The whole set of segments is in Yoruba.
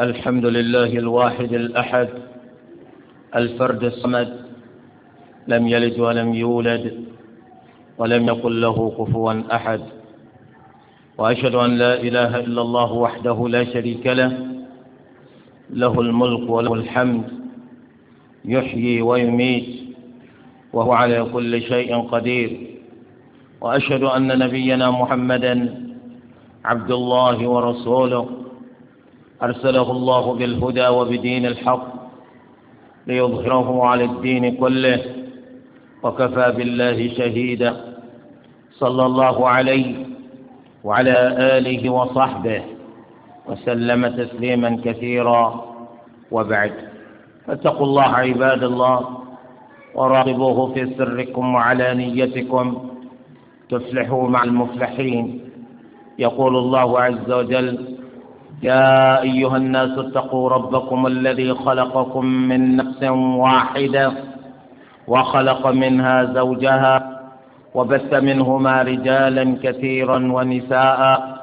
الحمد لله الواحد الأحد الفرد الصمد لم يلد ولم يولد ولم يقل له كفوا أحد وأشهد أن لا إله إلا الله وحده لا شريك له له الملك وله الحمد يحيي ويميت وهو على كل شيء قدير وأشهد أن نبينا محمدا عبد الله ورسوله أرسله الله بالهدى وبدين الحق ليظهره على الدين كله وكفى بالله شهيدا صلى الله عليه وعلى آله وصحبه وسلم تسليما كثيرا وبعد فاتقوا الله عباد الله وراقبوه في سركم وعلى نيتكم تفلحوا مع المفلحين يقول الله عز وجل يا أيها الناس اتقوا ربكم الذي خلقكم من نفس واحدة وخلق منها زوجها وبث منهما رجالا كثيرا ونساء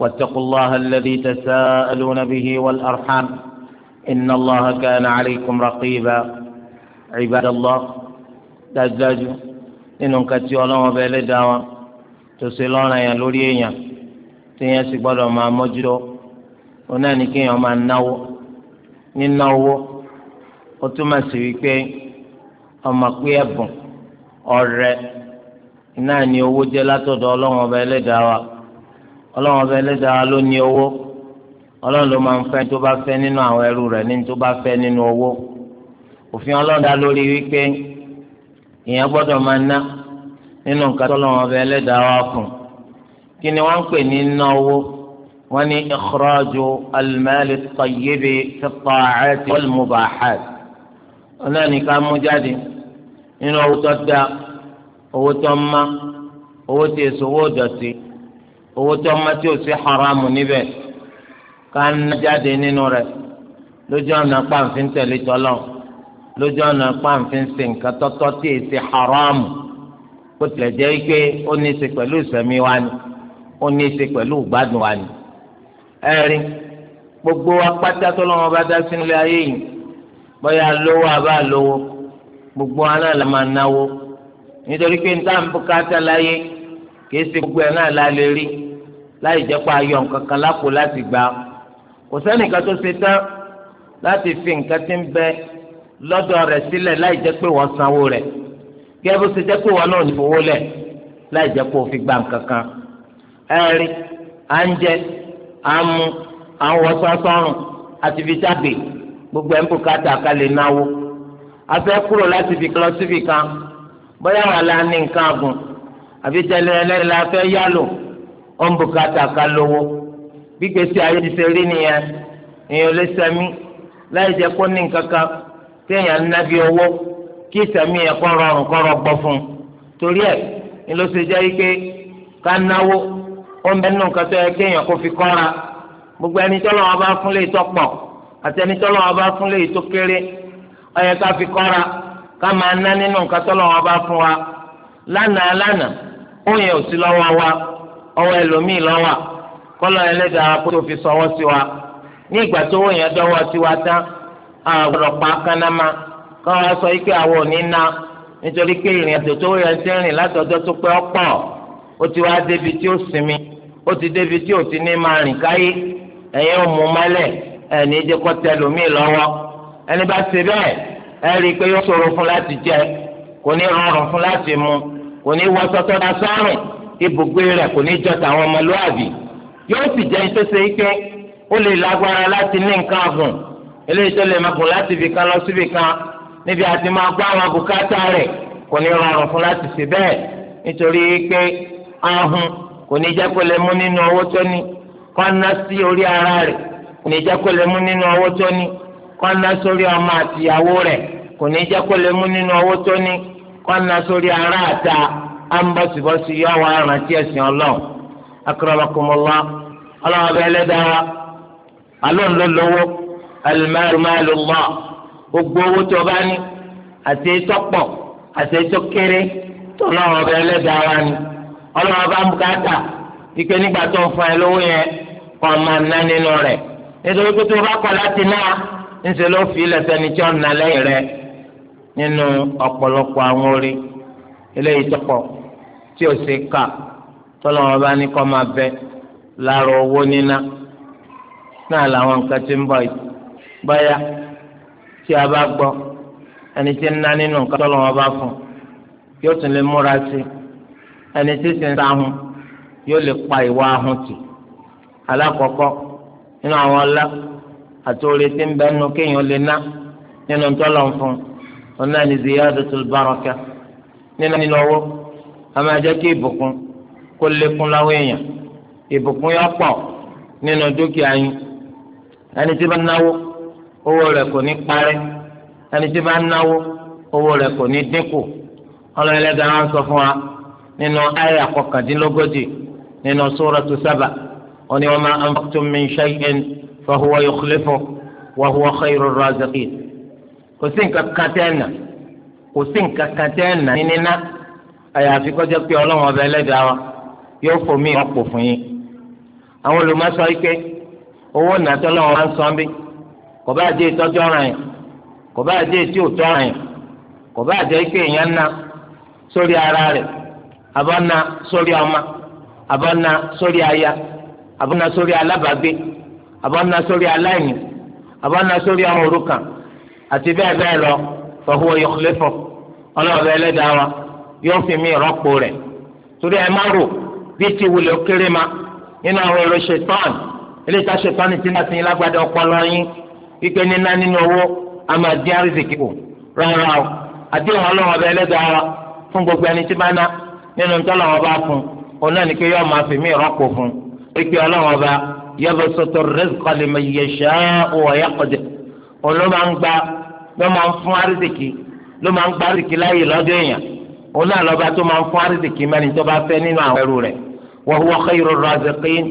واتقوا الله الذي تساءلون به والأرحام إن الله كان عليكم رقيبا عباد الله تزداد إنهم كتيرون وبالدعوة تصلون يا لوريا تنسي بلو ما مجرد ona náà ní kéèyàn máa náwó nínáwó ó túmọ̀ sí wípé ọmọ pé ẹ̀bùn ọrẹ náà ní owó jẹ́ látọ̀dọ̀ ọlọ́run ọba ẹlẹ́dàá wa ọlọ́run ọba ẹlẹ́dàá wa ló ní owó ọlọ́run ló máa ń fẹ́ tó bá fẹ́ nínú àwọn ẹrú rẹ̀ ní tó bá fẹ́ nínú owó òfin ọlọ́run dá lórí wípé èèyàn gbọ́dọ̀ máa ná nínú nǹkan tọ́lọ́run ọba ẹlẹ́dàá wa ni wọ́n ń وني إخراج المال الطيب في الطاعات والمباحات أنا كان مجادي إنه تدى هو تم هو تيسو دتي هو تم تيسي حرام نبي كان جادي نينوري lójú ọ̀nà pàǹfin tẹ̀lé tọ́lọ̀ lójú ọ̀nà pàǹfin ṣe nǹkan tọ́tọ́ tí èsì haramu bó tilẹ̀ jẹ́ pé ó ní í ṣe pẹ̀lú ìsẹ̀mí wa ni ó ní í ṣe pẹ̀lú ìgbádùn wa ni. Eri, gbogbo apáta tó lọ́wọ́ bá dá sínú ayé yìí bóyá lówó gbogbo aná la máa náwó nítorí pé níta bùkátà láyé kìí gbogbo ẹ̀ náà la lè rí láì jẹ́ pé ayọ̀ nǹkan kan lápò láti gbà kò sẹ́nìkan tó ṣe tán láti fi nǹkan tí ń bẹ lọ́dọ̀ rẹ̀ sílẹ̀ láì jẹ́ pé wọ́n sanwó rẹ̀ gba nǹkan kan ẹ̀rí à ń mu à ń wọ sọ́sọ́rùn àti fi jáde gbogbo ẹ̀ ń bùkátà ká lè náwó afẹ́ kúrò láti fi lọ síbi kan bóyá wà lá ní nǹkan àgùn àfi tẹ́lẹ̀ ẹlẹ́rìí la fẹ́ yálò ó ń bùkátà ká lówó gbígbèsè ayé ti ṣe rí nìyẹn èèyàn lè sẹ́mi láì jẹ́ kó ní nǹkan kan téèyàn nábi owó kí ìsẹ̀mí yẹn kọ́ rọrùn kọ́ rọgbọ fún un torí ẹ̀ ni ló ṣe ká náwó. ó ń bẹ nínú nǹkan tó yẹ kéèyàn kó fi kọ́ra gbogbo ẹni tọ́lọ́ wọn bá fún léyìí tó pọ̀ àti ẹni tọ́lọ́ wọn bá fún léyìí tó kéré ó ká fi kọ́ra ká máa ná nínú nǹkan tọ́lọ́ wọn bá fún wa lánàá lánàá lọ́wọ́ wa ọwọ́ ẹlòmíì lọ́wọ́ kọ́lọ́ ẹlẹ́dàá kó tó fi sọwọ́ sí wa ní ìgbà tó wọ́n yẹn dọ́wọ́ sí wa tán àwòrán ó ti débi tí ò ti ní máa rìn káyé ẹ̀yin ò mú mọ́lẹ̀ ẹ̀ní jẹ́ kó tẹ lómi lọ́wọ́ ẹni bá ṣe bẹ́ẹ̀ ẹ rí i pé yóò ṣòro fún láti jẹ kò ní rọrùn fún láti mu kò ní wọ sọtọ́ da sọ́rùn ibùgbé rẹ̀ kò ní jọ tàwọn ọmọlúwàbí yóò sì jẹ́ ní tó ṣe é pé ó lè lágbára láti ní nǹkan ọ̀gùn eléyìí tó lè máa gùn láti ibì kan lọ síbì kan níbi àti máa gbọ́ àwọn bùkátà rẹ̀ kò ní rọrùn fún láti ṣe bẹ́ẹ̀ nítorí pé ahun kò ní jẹ́ kó lè mú nínú owó tó ní kó ná sí orí ara rẹ̀ kò ní jẹ́ kó lè mú nínú owó tó ní kó ná sórí ọmọ àtìyàwó rẹ̀ kò ní jẹ́ kó lè mú nínú owó tó ní kó ná sórí ara àta ambọ̀sibọ̀sì yọ wọ arántí ẹ̀sìn ọlọ́run akramakumullah ọlọ́run ọbẹ̀ ẹlẹ́dàá alóhùn ló lówó al gbogbo owó tó bá ní àti ètò àti ètò tó lọ́wọ́ ọbẹ̀ ẹlẹ́dàá wa ni ọlọ́wọ́ bá ń bùkátà ike nígbà tó ń fún ẹ lówó yẹn kọ́ máa ná nínú rẹ̀ nítorí pé tó o bá kọ̀ láti ná ńṣe ló fi lẹ́sẹ̀ ní tí ó ná lẹ́yìn rẹ̀ nínú ọ̀pọ̀lọpọ̀ àwọn orí eléyìí tọ́pọ̀ tí o ṣe kà tọ́lọ́wọ́ bá ní kọ́ máa bẹ láàrọ̀ owó níná náà làwọn nǹkan ti ń bọ̀ báyà tí a bá gbọ́ ẹni tí ń ná nínú nǹkan tọ́lọ́wọ́ bá fún yóò tún lè múra sí i ẹni tí sì ń sáhùn yóò lè pa ìwà ahùn tì alákọ̀ọ́kọ́ nínú àwọn ọlá àti orí tí ń bẹ nínú kéèyàn lè ná nínú tọ́lọ̀ ń fún un náà ní ziyadatul baraka nínú nínú ọwọ́ a máa jẹ́ kí ìbùkún kó lékún láwọn èèyàn ìbùkún yọ pọ̀ nínú dúkìá yín ẹni tí bá náwó owó rẹ̀ kò ní parẹ́ ẹni tí bá náwó owó rẹ̀ kò ní dínkù ọlọ́ọ̀lẹ́dàá wọn sọ fún wa nínú àyà kọkàndínlógójì nínú suratu Saba ó ní wa ma anfaqtum min shay'in fa huwa yukhlifuhu wa huwa khayrur raziqin kò sí nǹkan kan tẹ́ ẹ̀nà kò sí nǹkan kan tẹ́ ẹ̀nà ní níná àyàfi kó jẹ́ pé ọlọ́run ọba ẹlẹ́dàá wa yóò fomi ọ̀pọ̀ fún yín àwọn olùmọ̀sọ ike owó nàtọ́ lọ́wọ́ máa ń sọ bí kò bá jẹ́ ìtọ́jú ọ̀ràn yẹn kò bá jẹ́ ìtí òtọ́ ọ̀ràn yẹn kò bá jẹ́ ike èèyàn ná sórí ara rẹ̀ abọ́nà sori ọmọ abọ́nà sori aya abọ́nà sori alábàágbé abọ́nà sori aláìní abọ́nà sori ọmọ òrukàn àti bẹ́ẹ̀ bẹ́ẹ̀ lọ fahuwa yukhlifu ọlọ́ọ̀bẹ ẹlẹ́dàá wa yóò fi mí rọ́pò rẹ̀ torí ẹ má rò bí ti kéré ma nínú àwọn èrò ṣetán ilé ìta ṣetán ti náà ti ń lágbádá ọpọlọ yín wípé níná nínú owó a rárá o àdéhùn wa fún gbogbo ẹni tí bá ná nínú ntọ́lọ̀ wọn bá fún un náà ni pé yọ máa fi mí rọ́pò fún un pé ọlọ́wọ́n bá yabsutu rizqa liman yasha'u wa yaqdir òun ló máa ń gba ló máa ń fún arísìkì ló máa ń gba arísìkì láàyè lọ́dọ̀ èèyàn òun náà lọ́ba tó máa ń fún arísìkì mẹ́rin tó bá fẹ́ nínú àwọn ẹrú rẹ̀ wa huwa khayru raziqin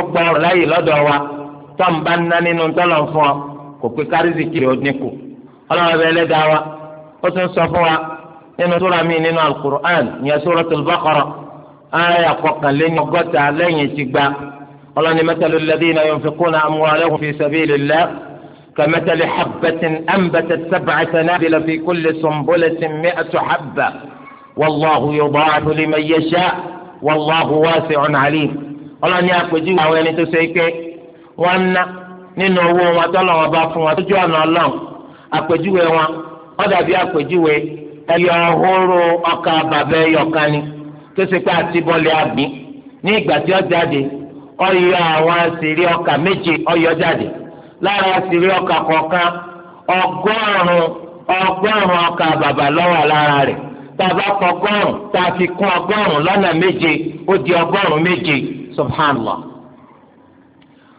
bá òun náà tọ́ǹba ńná nínú tọ́lọ̀ fún ọ kò pé kárísìkì ó dínkù ọlọ́run bẹ́ẹ̀ lẹ́dàá wa ó tún sọ fún wa nínú sura mi nínú alukur'an ìyẹn suratul baqara aya kọkànlélẹ́yìn ọgọ́ta lẹ́yìn ti gba ọlọ́ni mẹ́tàlú lẹ́dínà yunfiquna amwalahum fi sabilillah كمثل حبة أنبتت سبع سنابل في كل سنبلة مئة حبة والله يضاعف لمن يشاء والله واسع عليم ọlọ́ni àpèjúwe àwọn ẹni wọn ná nínú owó wọn tọ́lọ̀ wọn bá fún wọn tójú ọ̀nà ọlọ́run àpèjúwe wọn àpèjúwe ẹyọ ọhúnrún ọkà bàbá ẹyọ tó ṣe pé àti bọ́ọ̀lì àgbín ní ìgbà tí ó jáde ọyọ àwọn àṣírí ọkà méje ọyọ jáde lára àṣírí ọkà kọ̀ọ̀kan ọgọ́rùn-ún ọgọ́rùn di ọgọ́rùn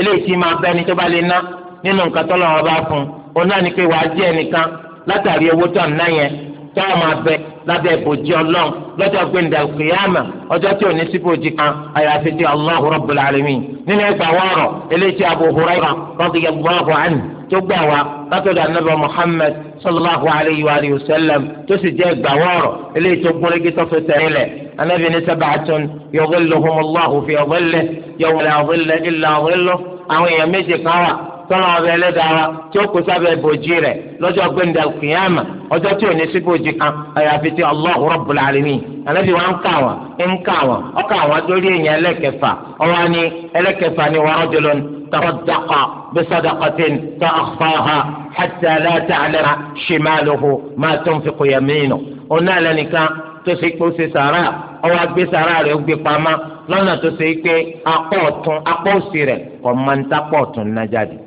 eléyìí tí máa bẹ́ni tó bá lè ná nínú nǹkan tọ́lọ́ wọn bá fún un òun náà ni pé wàá jẹ́ ẹnìkan látàrí owó tó ń ná yẹn tó a máa bẹ lábẹ́ ìbòjì ọlọ́run lọ́jọ́ gbẹ̀ndà kìyàmà ọjọ́ tí ò ní síbi òjì kan àyàfi ti Allahu Rabbul Alamin nínú ẹgbàá wọ́ọ̀rọ̀ eléyìí tí Abu Hurairah radiyallahu anhu tó gbà wá látọ̀dọ̀ anábẹ́ Muhammad sallallahu alayhi wa alihi wa sallam tó sì jẹ́ ìgbàwọ́rọ̀ eléyìí tó gún régé tọ́fẹ́ tẹ̀lé anábẹ́ ní sábàtún yudhilluhumullahu fi dhillihi yawma la dhilla illa dhilluhu àwọn èèyàn méje kan wà tọ́lá ọbẹ̀ ẹlẹ́dàá wa tí ó kó sábẹ́ bòjì rẹ̀ lọ́jọ́ gbẹ̀ndà kìyàmà ọjọ́ tí ò ní sí bòjì kan àyàfi ti Allahu Rabbul Alamin ànábì wa kà wọ́n ń kà wọ́n ọkà wọ́n dórí èèyàn ẹlẹ́kẹfà ọwọ́ ni ẹlẹ́kẹfà ni wọ́n rọ́jò lónìí. تصدق بصدقة فأخفاها حتى لا تعلم شماله ما تنفق يمينه قلنا لنك تسيكو سارة أو أكبر سارة أو بقامة لنا تسيكو أقوتن أقوسيرة ومن تقوتن نجادي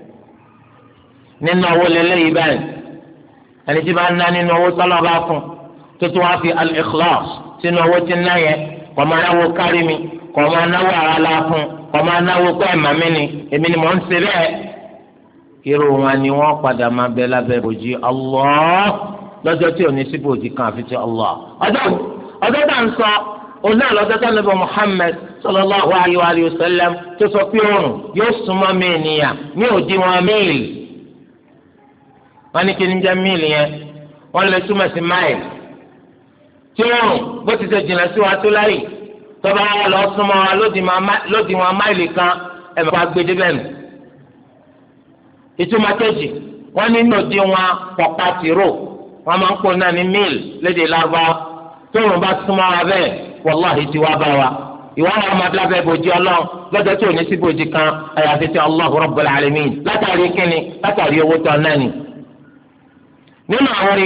nínú owó lélẹ́yìí báyìí ẹni tí bá ń ná nínú owó tọ́lọ́ bá fún tuntun wá fi al-ikhlas sínú owó tí ń ná yẹn kò máa náwó kárí mi kò máa náwó ara la fún ọmọ anáwó kọ́ ẹ̀mà mi ni èmi ni mò ń bẹ́ẹ̀. irú wọn ni padà máa bẹ lábẹ́ bòjì Allah lọ́jọ́ tí ní kan àfi ti Allah. ọjọ́ ọjọ́ tá Muhammad sallallahu alayhi wa sallam tó sọ pé òrùn yóò súnmọ́ mi nìyà ní wọn míìlì. ní ni míìlì yẹn tọ́ba wọn lọ súnmọ́ wa lódì wọn máìlì kan ẹ̀ máa gbé débẹ̀ nù. ìtumọ̀ kejì wọ́n ní lòdì wọn pọ̀pá tìró wọ́n máa ń pò náà ní míìl lédè lába tóun bá súnmọ́ wa bẹ́ẹ̀ wàláhì tí wàá bá wa. ìwọ àwọn ọmọdé lábẹ́ bòjì ọlọ́run lọ́jọ́ tí ò ní sí bòjì kan àyàfi ti Allahu Rabbul Alamin látàrí kíni látàrí owó tán náà ni. nínú àwọn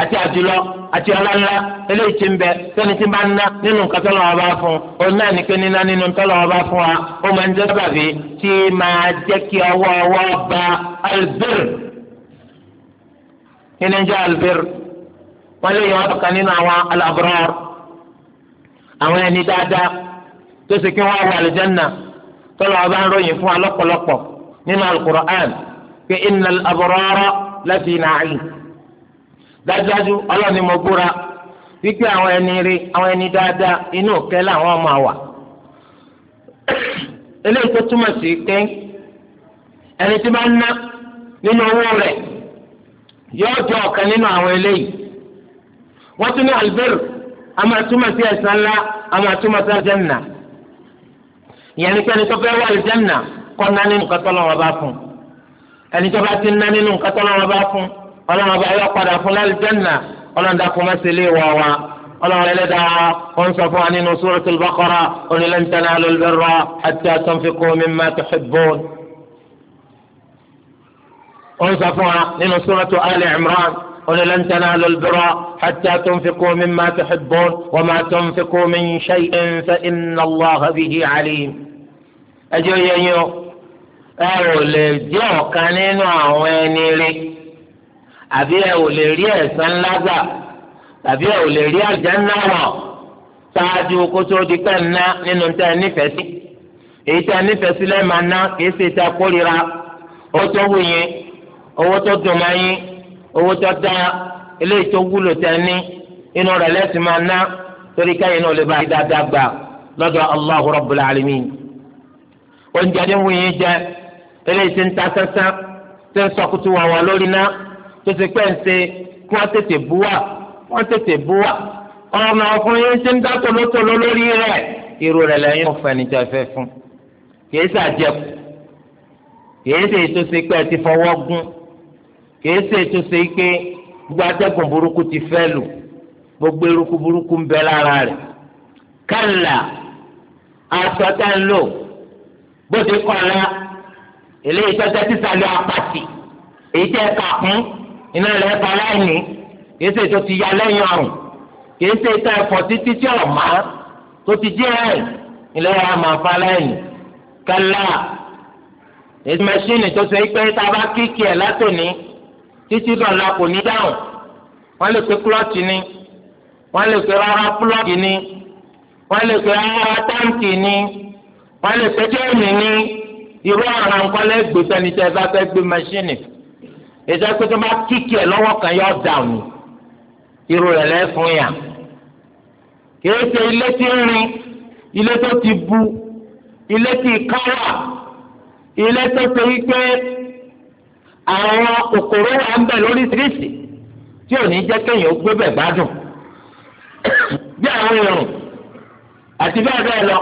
àti àjùlọ àti ọlọ́lá eléyìí ti ń bẹ sẹ́ni tí ń bá ná nínú nǹkan tọ́lọ́ wa bá fún un òun náà ní pé níná nínú tọ́lọ́ wa bá fún wa ó máa ń jẹ́ sábàbí tí máa jẹ́ kí ọwọ́ ọwọ́ ba albir kí ni jẹ́ albir wọ́n lè yọ ọ́ kan nínú àwọn al àwọn ẹni dáadáa tó sì kí wọ́n wà àlùjánnà tọ́lọ́ wa bá ń ròyìn fún wa nínú al pé innal abrara dájúdájú ọlọ́run ni mo búra wípé àwọn ẹni rí àwọn ẹni dáadáa inú òkẹ́ làwọn máa wà eléyìí tó túmọ̀ sí pé ẹni tí bá ná nínú owó rẹ̀ yóò jọ ọ̀kan nínú àwọn eléyìí wọ́n tún ní albir a máa túmọ̀ sí ẹ̀san ńlá a máa túmọ̀ sí aljanna ìyẹn ní kẹ́ni tó fẹ́ wá aljanna kọ́ ná nínú nǹkan tọ́lọ́run bá fún ẹni tó bá ti ná nínú nǹkan tọ́lọ́run bá fún ọlọ́run ọba yọ padà fún lálùjẹ́nà ọlọ́run dàkú mẹ́sìlẹ̀ wọ̀ wá ọlọ́run ẹlẹ́dàá ó ń sọ fún wa nínú suratul Baqara ó ní lan tanalul birra hatta tunfiqu ó ń sọ fún wa nínú suratul Ali Imran ó ní lan tanalul birra hatta tunfiqu mimma tuhibbun wa ma tunfiqu min shay'in fa inna Allaha bihi alim ẹjọ́ yẹn yẹn o ẹ ò lè jẹ́ ọ̀kan nínú àwọn ẹni rí. àbí ẹ ò lè rí ẹ̀san ńlá gbà tàbí ẹ ò lè rí àlùjánnà wọ̀ ṣáájú kó tó di pẹ́ ńná nínú tẹ́ ẹ nífẹ̀ẹ́ sí èyí tẹ́ ẹ nífẹ̀ẹ́ sí lẹ́ẹ̀ máa ná kìí ṣe tẹ́ kórìíra owó tó wù yín owó tó dùn máa yín owó tó dá eléyìí tó wúlò tẹ́ ní inú rẹ̀ lẹ́sìn máa ná torí káyìn náà lè bá dáadáa gbà lọ́dọ̀ Allahu Rabbul Alamin oúnjẹ tí wù yín jẹ eléyìí tí ń ta sẹ́sẹ́ tí ń sọkútù wà wà lórí náà tó ṣe pẹ́ ń ṣe kí wọ́n tètè bú wà wọ́n tètè bú wà ọ̀nà ọkùnrin yẹn ṣe ń dá tolótoló lórí rẹ̀ irú rẹ̀ lẹ́yìn ọ̀fẹ́nìjà fẹ́ fún kìí ṣàjẹkù kìí ṣe ètò ṣe pé ẹ ti fọwọ́ gún kìí ṣe ètò ṣe pé gbogbo atẹ́gùn burúkú ti fẹ́ lù gbogbo eruku burúkú ń bẹ lára rẹ̀ kálá aṣọ tá ń lò bó ti kọ́ la eléyìí tọ́jà ti sàlẹ̀ apàtì èyí tẹ́ ẹ kún iná lẹ́ pa láìní kìí ṣe tó ti ya lẹ́yìn ọrùn kìí ṣe tá ẹ̀fọ́ títí tí ọ̀ má tó ti jẹ́ ẹ̀ ilé wa máa fa láìní kálá èsì mẹ́ṣíìnì tó ṣe pé tá a bá kíkì ẹ̀ látòní títí dọ̀la kò ní dáhùn wọ́n lè pe klọ́ọ̀tì ni wọ́n lè pe rárá plọ́ọ̀gì ni wọ́n lè pe rárá táǹkì ni wọ́n lè pe jẹ́ẹ̀mì ni irú ọ̀ràn kọ́lẹ́ gbé sẹ́ni tẹ́ bá fẹ́ gbé mẹ́ṣíìnì ètò ẹgbẹ́ tó bá kíkì ẹ̀ lọ́wọ́ kan yọ dànù irú rẹ̀ lẹ́fún yà kìí ṣe ilé tí ń rin ilé tó ti bu ilé tí káwà ilé tó ṣe wípé àwọn kòkòrò wà ń bẹ lóríṣiríṣi tí ò ní jẹ́ kéèyàn gbé bẹ̀ gbádùn bí àwọn irun àti bẹ́ẹ̀ bẹ́ẹ̀ lọ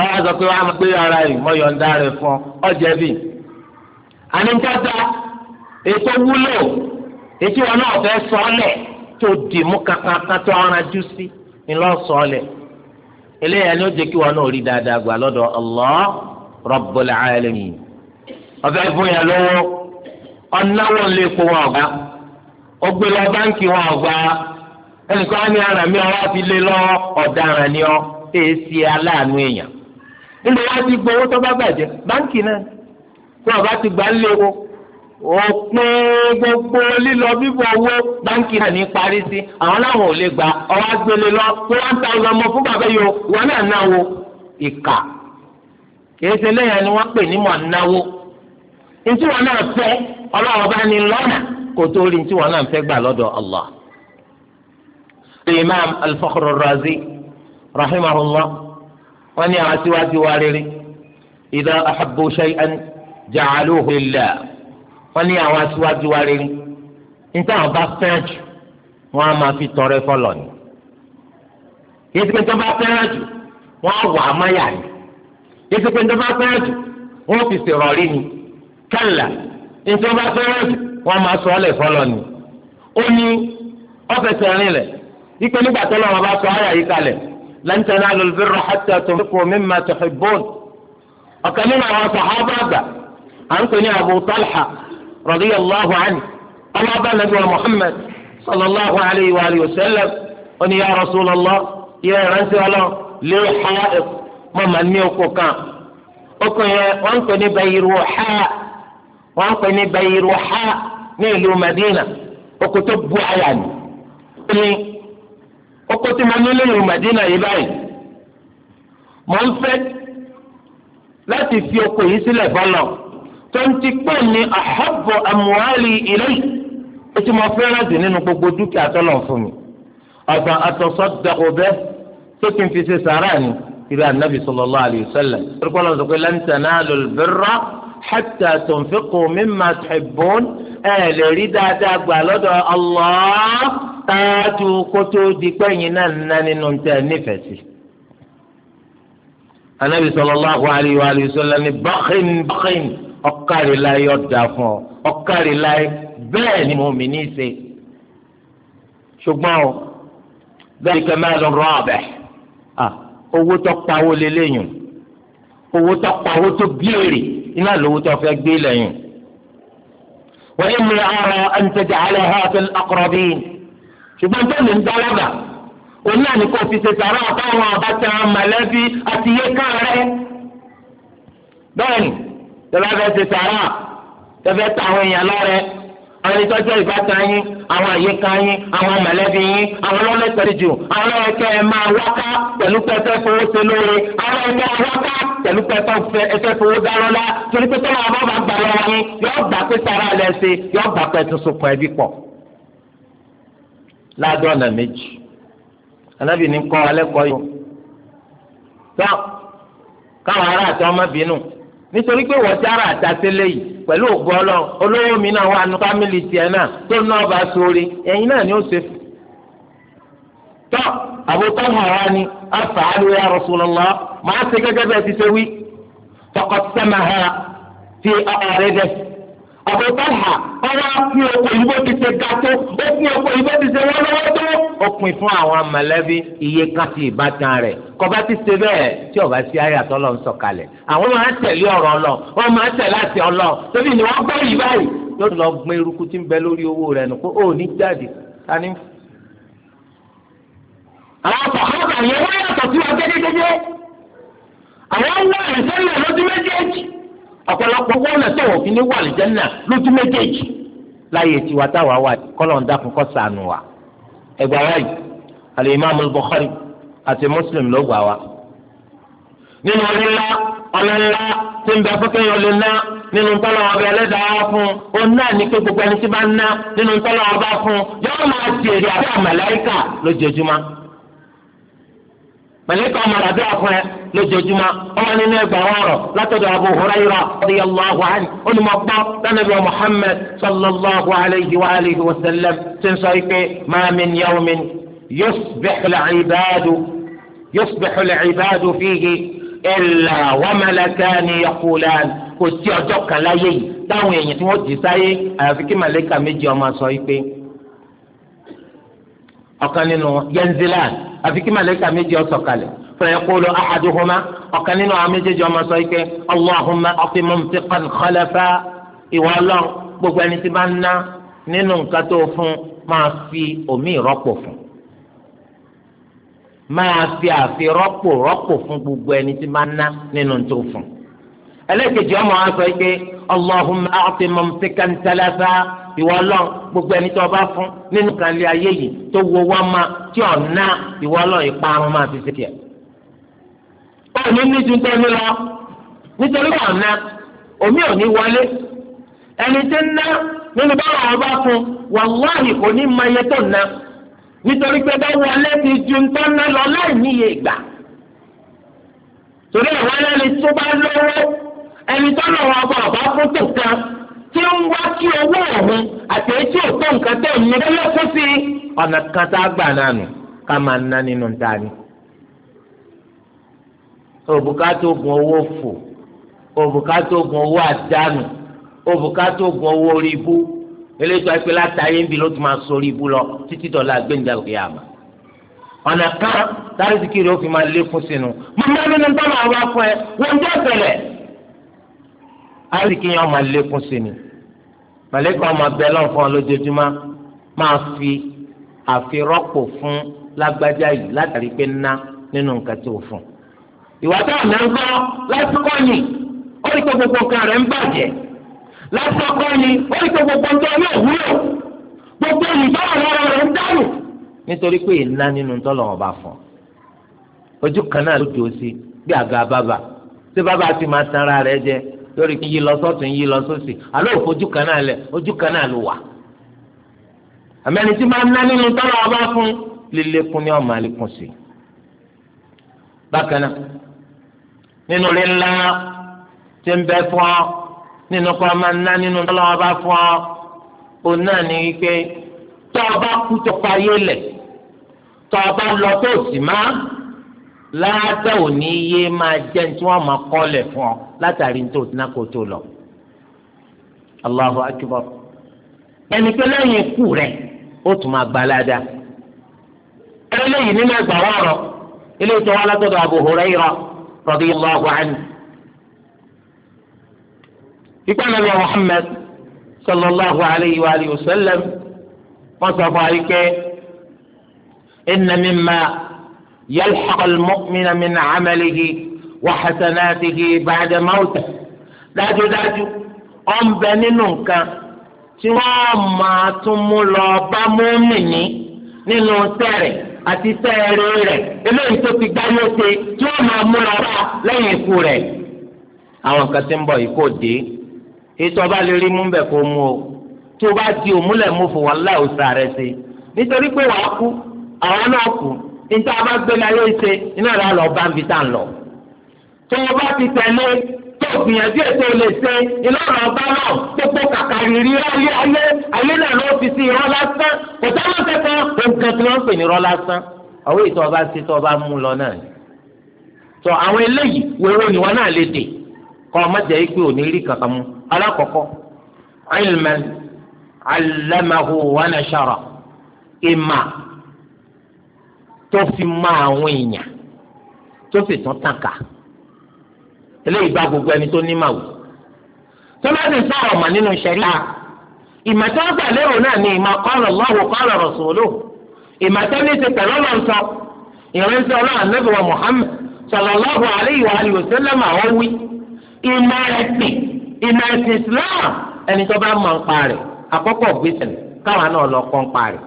ọ̀rọ̀ sọ pé wàá gbé ara yìí mọ́ yọ̀ǹda rẹ̀ fún ọ jẹ̀bi àníjọ́ dáa. ètò wúlò ètò wọn náà fẹ́ sọ́ọ̀lẹ̀ tó di mú kankan tó aranjú sí ni ó jẹ́ kí wọn náà rí dáadáa gbà lọ́dọ̀ Allah Rabbul Alamin ọ̀fẹ́ fún yẹn lọ́wọ́ ọ̀nàwó lè kó wọn ọ̀gá ọgbẹ́ lọ báńkì wọn ọ̀gá ẹnìkan á ní ara mi ọwọ́ fi lé lọ ọ̀daràn ni ọ èsì aláàánú èèyàn nígbà wọn ti gbowó tó bá bàjẹ́ báńkì náà tí ti gbà ń òpin gbogbo lílọ bíbọ̀ owó báńkì náà ní parí sí àwọn láwọn ò lè gbà ọwọ́ agbélé lọ pé one thousand ọmọ fún bàbá yìí o wọn náà náwó ìkà kìí ṣe lẹ́yìn ni wọ́n pè ní mọ̀ náwó ntí wọn náà fẹ́ ọlọ́wọ́ bá ní lọ́nà kò tó rí ntí wọn náà fẹ́ gbà lọ́dọ̀ Allah. Imam al razi rahimahullah wọn ní àwọn síwájú wa rere idha ahabbu shay'an ja'aluhu lillah wọ́n ní àwọn aṣíwájú wa rere níta àwọn bá fẹ́ràn jù wọ́n á máa fi tọrẹ fọlọ ni yéésì pé níta bá fẹ́ràn jù wọ́n á wà á máyà ni yéésì pé níta bá fẹ́ràn jù wọ́n fi ṣèrọ̀rí ni kálà níta bá fẹ́ràn jù wọ́n á máa sọ ọlẹ̀ fọlọ ni ó ní ọ́fẹ̀sẹ̀ rìn lẹ̀ ipe nígbà tó lọ́wọ́ bá sọ ayà yìí kalẹ̀ lan tanalul birra hatta tunfiqu mimma nínú àwọn sàhábà àgbà à ń pè ní Abu Talha radiyallahu anhu ọlọ́ba nàbí wa muhammad sallallahu alayhi wa alihi wa sallam oní ya rasulallah yẹ ìrántí ọlọ́ lé xaa mọ́ màá ní oko kan oko yẹn wọ́n pè ní bayiru xaa wọ́n pè ní bayiru xaa ní ìlú madina oko tó bu àyà ni oko tí mo ní ní ìlú madina yìí báyìí mo ń fẹ́ láti fi oko yìí sílẹ̀ bọ́lọ̀ tonti pé ní ahabbu amuhali ilay etí mo fẹ́ràn jù nínú gbogbo dúkìá tó lọ́n fún mi ọ̀sán atasaddaqu bihi tó kí n fi ṣe sàrà ni ìrẹ́ anabi sallallahu alayhi wa sallam erékọ́ lọ́n sọ pé lan tanalul birra hatta tunfiqu mimma tuhibbun ẹ̀ lè rí Allah táájú kótó di pẹ́yìn náà nínú nínú tẹ̀ anabi sallallahu alayhi wa sallam ni bákìn bákìn ọ̀kárí láyé ọ̀dà fún ọ ọ̀kárí láyé bẹ́ẹ̀ ni mo mì ní í ṣe. ṣùgbọ́n o bẹ́ẹ̀ kẹ́ máa lọ rọ ọ̀bẹ owó tó pawó lélẹ́yìn owó tó pawó tó bíèrè iná lówó tó fẹ́ gbé lẹ́yìn. wọ́n yé mi ara ẹni tẹ̀jà alẹ́ ha ọkọ̀rọ̀ bí ṣùgbọ́n tó lè ń dá òun náà ní kò fi ṣe sàrà àtàwọn àbátan mọ̀lẹ́bí àti yéká rẹ̀ bẹ́ẹ̀ ni tẹ́lá fẹ́ ṣe sàrà tẹ́fẹ́ ta àwọn èèyàn lọ́rẹ́ àwọn ẹni tọ́jú ìbátan yín àwọn àyíká yín àwọn mọ̀lẹ́bí yín àwọn ọlọ́lẹ́sẹ̀rẹ́ jù àwọn ọlọ́ọ̀kẹ́ ẹ máa wáká pẹ̀lú pẹ́ẹ́fẹ́ fowó ṣe lóore àwọn ọlọ́ọ̀kẹ́ wáká pẹ̀lú pẹ́ẹ́fẹ́ ẹfẹ́ fowó dárọ́lá torí pé tọ́lá ọba bá gbà lọ́wọ́ yín yóò gbà pé sára lẹ̀ ṣe yóò gbà pé tuntun kan ẹbí pọ̀. ládùn nítorí pé wọ́n ti ara àtàtẹ́lẹ̀ pẹ̀lú ògbọ́lọ́ olówó mi náà wà nù fámìlì tiẹ̀ náà tó ná ọba sórí ẹ̀yin náà ni ó ṣe tọ́ àbótọ́ hàn ni af'alu ya Rasulullah máa ṣe gẹ́gẹ́ bẹ́ẹ̀ ti ṣe wí fi ọ̀rẹ́ àbọ̀tá hà ọwọ́ fún oko ìbò ti ṣe ga tó ó fún oko ìbò ti ṣe wọ́n lọ́wọ́ tó. ó pin fún àwọn mọ̀lẹ́bí iye kan ti ìbátan rẹ̀ kọba ti ṣe bẹ́ẹ̀ tí ọba sí ayé àtọ́lọ́ ń sọ̀kalẹ̀ àwọn máa ń tẹ̀lé ọ̀rọ̀ ọlọ wọ́n máa ń tẹ̀lé àti ọlọ tóbi ni wọ́n gbọ́ yìí báyìí yóò lọ gbin eruku tí ń bẹ lórí owó rẹ̀ nù pé ó ní jáde ta ni. àwọn ọkọ̀ ọ̀pọ̀lọpọ̀ wọ́ọ̀lẹ̀ tó wọ̀ fi ní wà lìjẹ́nà lójú méjèèjì láyé tiwa táwa wà kọ́lọ̀ ń dákun kọ́ sànù wa. ẹgbẹ́ ara yìí al-Imam al àti Muslim ló gbà wá. nínú orí ńlá ọ̀nà ńlá tí ń bẹ fúnkẹ́ yọ lè ná nínú tọ́lọ̀ ọbẹ̀ ẹlẹ́dàá fún ó náà ní pé gbogbo ẹni tí bá ń ná nínú tọ́lọ̀ ọba fún yọ́ọ́ máa mẹlẹkọ ọmọdé àti àfọyẹ lójoojúmọ́ ọmọ nínú ẹgbà ọ̀rọ̀ látọ̀dọ̀ Abu Hurayra radiyallahu anhu olùmọgbọ lánàbí Muhammad sallallahu alayhi wa alihi wa sallam ti ń sọ ike ma min yawmin yusbihu al-ibadu yusbihu al-ibadu fihi illa wa malakani yaqulan kò sí ọjọ́ kan láyé táwọn èèyàn tí wọ́n ti sáyé àyàfi kí mẹlẹkà méjì ọmọ sọ ike ọ̀kan nínú yẹnzilan àfi kí màlẹ́kà méjì ó sọ̀kalẹ̀ fayaqulu ahaduhuma ọ̀kan nínú àwọn méjèèjì ọmọ sọ yìí pé Allahumma a'ti mumtiqan khalafa ìwọ ọlọ́run gbogbo ẹni tí bá ń ná nínú nǹkan tó fún máa fi omi rọ́pò fún máa fi àfi rọ́pò rọ́pò fún gbogbo ẹni tí máa ná nínú tó fún. ẹlẹ́kejì ọmọ wa sọ pé Allahumma a'ti mumtikan talafa ìwọ lọ́n gbogbo ẹni tó bá fún nínú kan lé ayé yìí tó wo wá ma tí ò ná ìwọ lọ́n ìparun máa fi ṣèkìá. ó ní ní ju tó ní lọ nítorí ò ná omi ò ní wọlé ẹni tí ń ná nínú báwọn ọba fún wàláhì kò ní ma yẹ tó ná nítorí pé bá wọlé ti ju tó ná lọ láì níye ìgbà. torí ìwọlé ni tó bá lówó ẹni tó lọ́wọ́ ọba ọba fún tó kan tí ń wá sí owó ọ̀hún àti etí òtó nǹkan tẹ̀ ní lọ́lọ́kọ́ sí ọ̀nà kan tá a gbà náà nù ká máa ná nínú ta ni. òbúkátó gun owó fò òbúkátó gun owó àdánù òbúkátó gun owó orí ibú eléyìí tó a pé látàyé ń bi ló ti máa sórí ibú lọ títí dọ̀la gbẹ̀ǹdà òkè àmà ọ̀nà kan táyé kiri ó fi máa lékún sínú mọ̀mọ́ nínú tó máa wá fún ẹ wọ́n ń dẹ́ bẹ̀rẹ̀ yẹn ó máa lékún sínú màlẹ́kọ̀ ọmọ abẹ́ lọ́n fún ọ lójoojúmọ́ máa fi àfirọ́pò fún lágbájá yìí látàrí pé ná nínú nǹkan tó fún. ìwà táwọn náà ń gbọ́ lásìkò ni ó rí pé gbogbo nǹkan rẹ̀ ń bàjẹ́ lásìkò ni ó rí pé gbogbo nǹkan rẹ̀ wúlò gbogbo ìbáwọ̀ lọ́wọ́ rẹ̀ ń dànù. nítorí pé ìná nínú tọ́lọ̀ ọba fún ojú kan náà ló dùn ó sí bí àga bàbà tí bàbá ti máa tanra rẹ̀ jẹ lórí kí yí lọ sọ́tún yí lọ sósì àlọ́ òfò ojú kan náà lẹ̀ ojú kan náà ló wà. àmẹ́ni tí máa ń ná nínú tọ́lọ̀ ọba fún lílékún ní ọmọ àlékún sí. bákan náà nínú rí tí ń bẹ fún ọ nínú kọ́ máa ń ná nínú tọ́lọ̀ ọba fún ọ òun náà ní wípé tọ́ ọba kú tó parí lẹ̀ tọ́ ọba lọ tó sì máa láàdá ò ní yé máa jẹ́ tí wọ́n máa kọ́lẹ̀ fún ọ látàrí ní tó ná kó tó lọ. Allahu akbar. ẹni pé lẹ́yìn ikú rẹ̀ ó tún máa gba láàdá. eléyìí nínú ẹgbàá wọ̀rọ̀ ilé ìtọ́wọ́ alátọ́dọ̀ Abu Hurairah radiyallahu anhu. ìpá nàbí Muhammad sallallahu alayhi wa sallam wọ́n sọ fún àyíké inna mimma. يلحق المؤمن من عمله وحسناته بعد موته dájú dájú ọ̀nbẹ nínú nǹkan tí wọ́n máa tún mú lọ bá mọ́mìnì nínú tẹ̀rẹ̀ àti tẹ̀rẹ̀ rẹ̀ eléyìí tó ti gbáyé ṣe tí wọ́n máa mú lọ bá lẹ́yìn ikú rẹ̀. àwọn nǹkan tí ń bọ̀ yìí kò dé lè rí mú bẹ̀ kó mú o tó bá di òmúlẹ̀ mú fún wọn láì ó sàrẹ̀ sí i nítorí pé wàá kú àwọn náà kú níta bá gbé láyé ṣe iná rà lọ bá ń bi tá ń lọ. tó o bá ti tẹ̀lé tó o gbìyànjú ètò lè ṣe iná rà bá lọ gbogbo kàkà rírí ayé ayé ayé náà ló fi sí irọ́ lásán kò sábà kẹ́kọ̀ọ́ nǹkan tí wọ́n ń pè ní irọ́ lásán. àwọn èyí tó o bá ṣe mú lọ náà ni. tó àwọn eléyìí wẹ́rọ ni wọn náà lè dè kọ́ ọ mọ̀jẹ̀ yìí pé rí kankan mú alákọ̀ọ́kọ́ ilman tó fi mọ àwọn èèyàn tó fi tán tàn ká eléyìí gba gbogbo ẹni tó ní màwù tó bá ti sọ̀rọ̀ ọ̀mà nínú ṣẹ̀ríà ìmọ̀tẹ́wọ́gbà lérò náà ni ìmọ̀ qala Allahu qala rasuluhu ìmọ̀tẹ́ni ti pẹ̀lú ọlọ́nsọ ìrẹsì ọlọ́run Ànábì wa Muhammad sallallahu alayhi wa alihi wa sallam àwọn wí ìmọ̀ ẹ̀sìn ìmọ̀ ẹ̀sìn Islam ẹni tó bá mọ̀ ń parẹ̀ àkọ́kọ́ gbèsè káwọn náà lọ kọ́ ń parẹ̀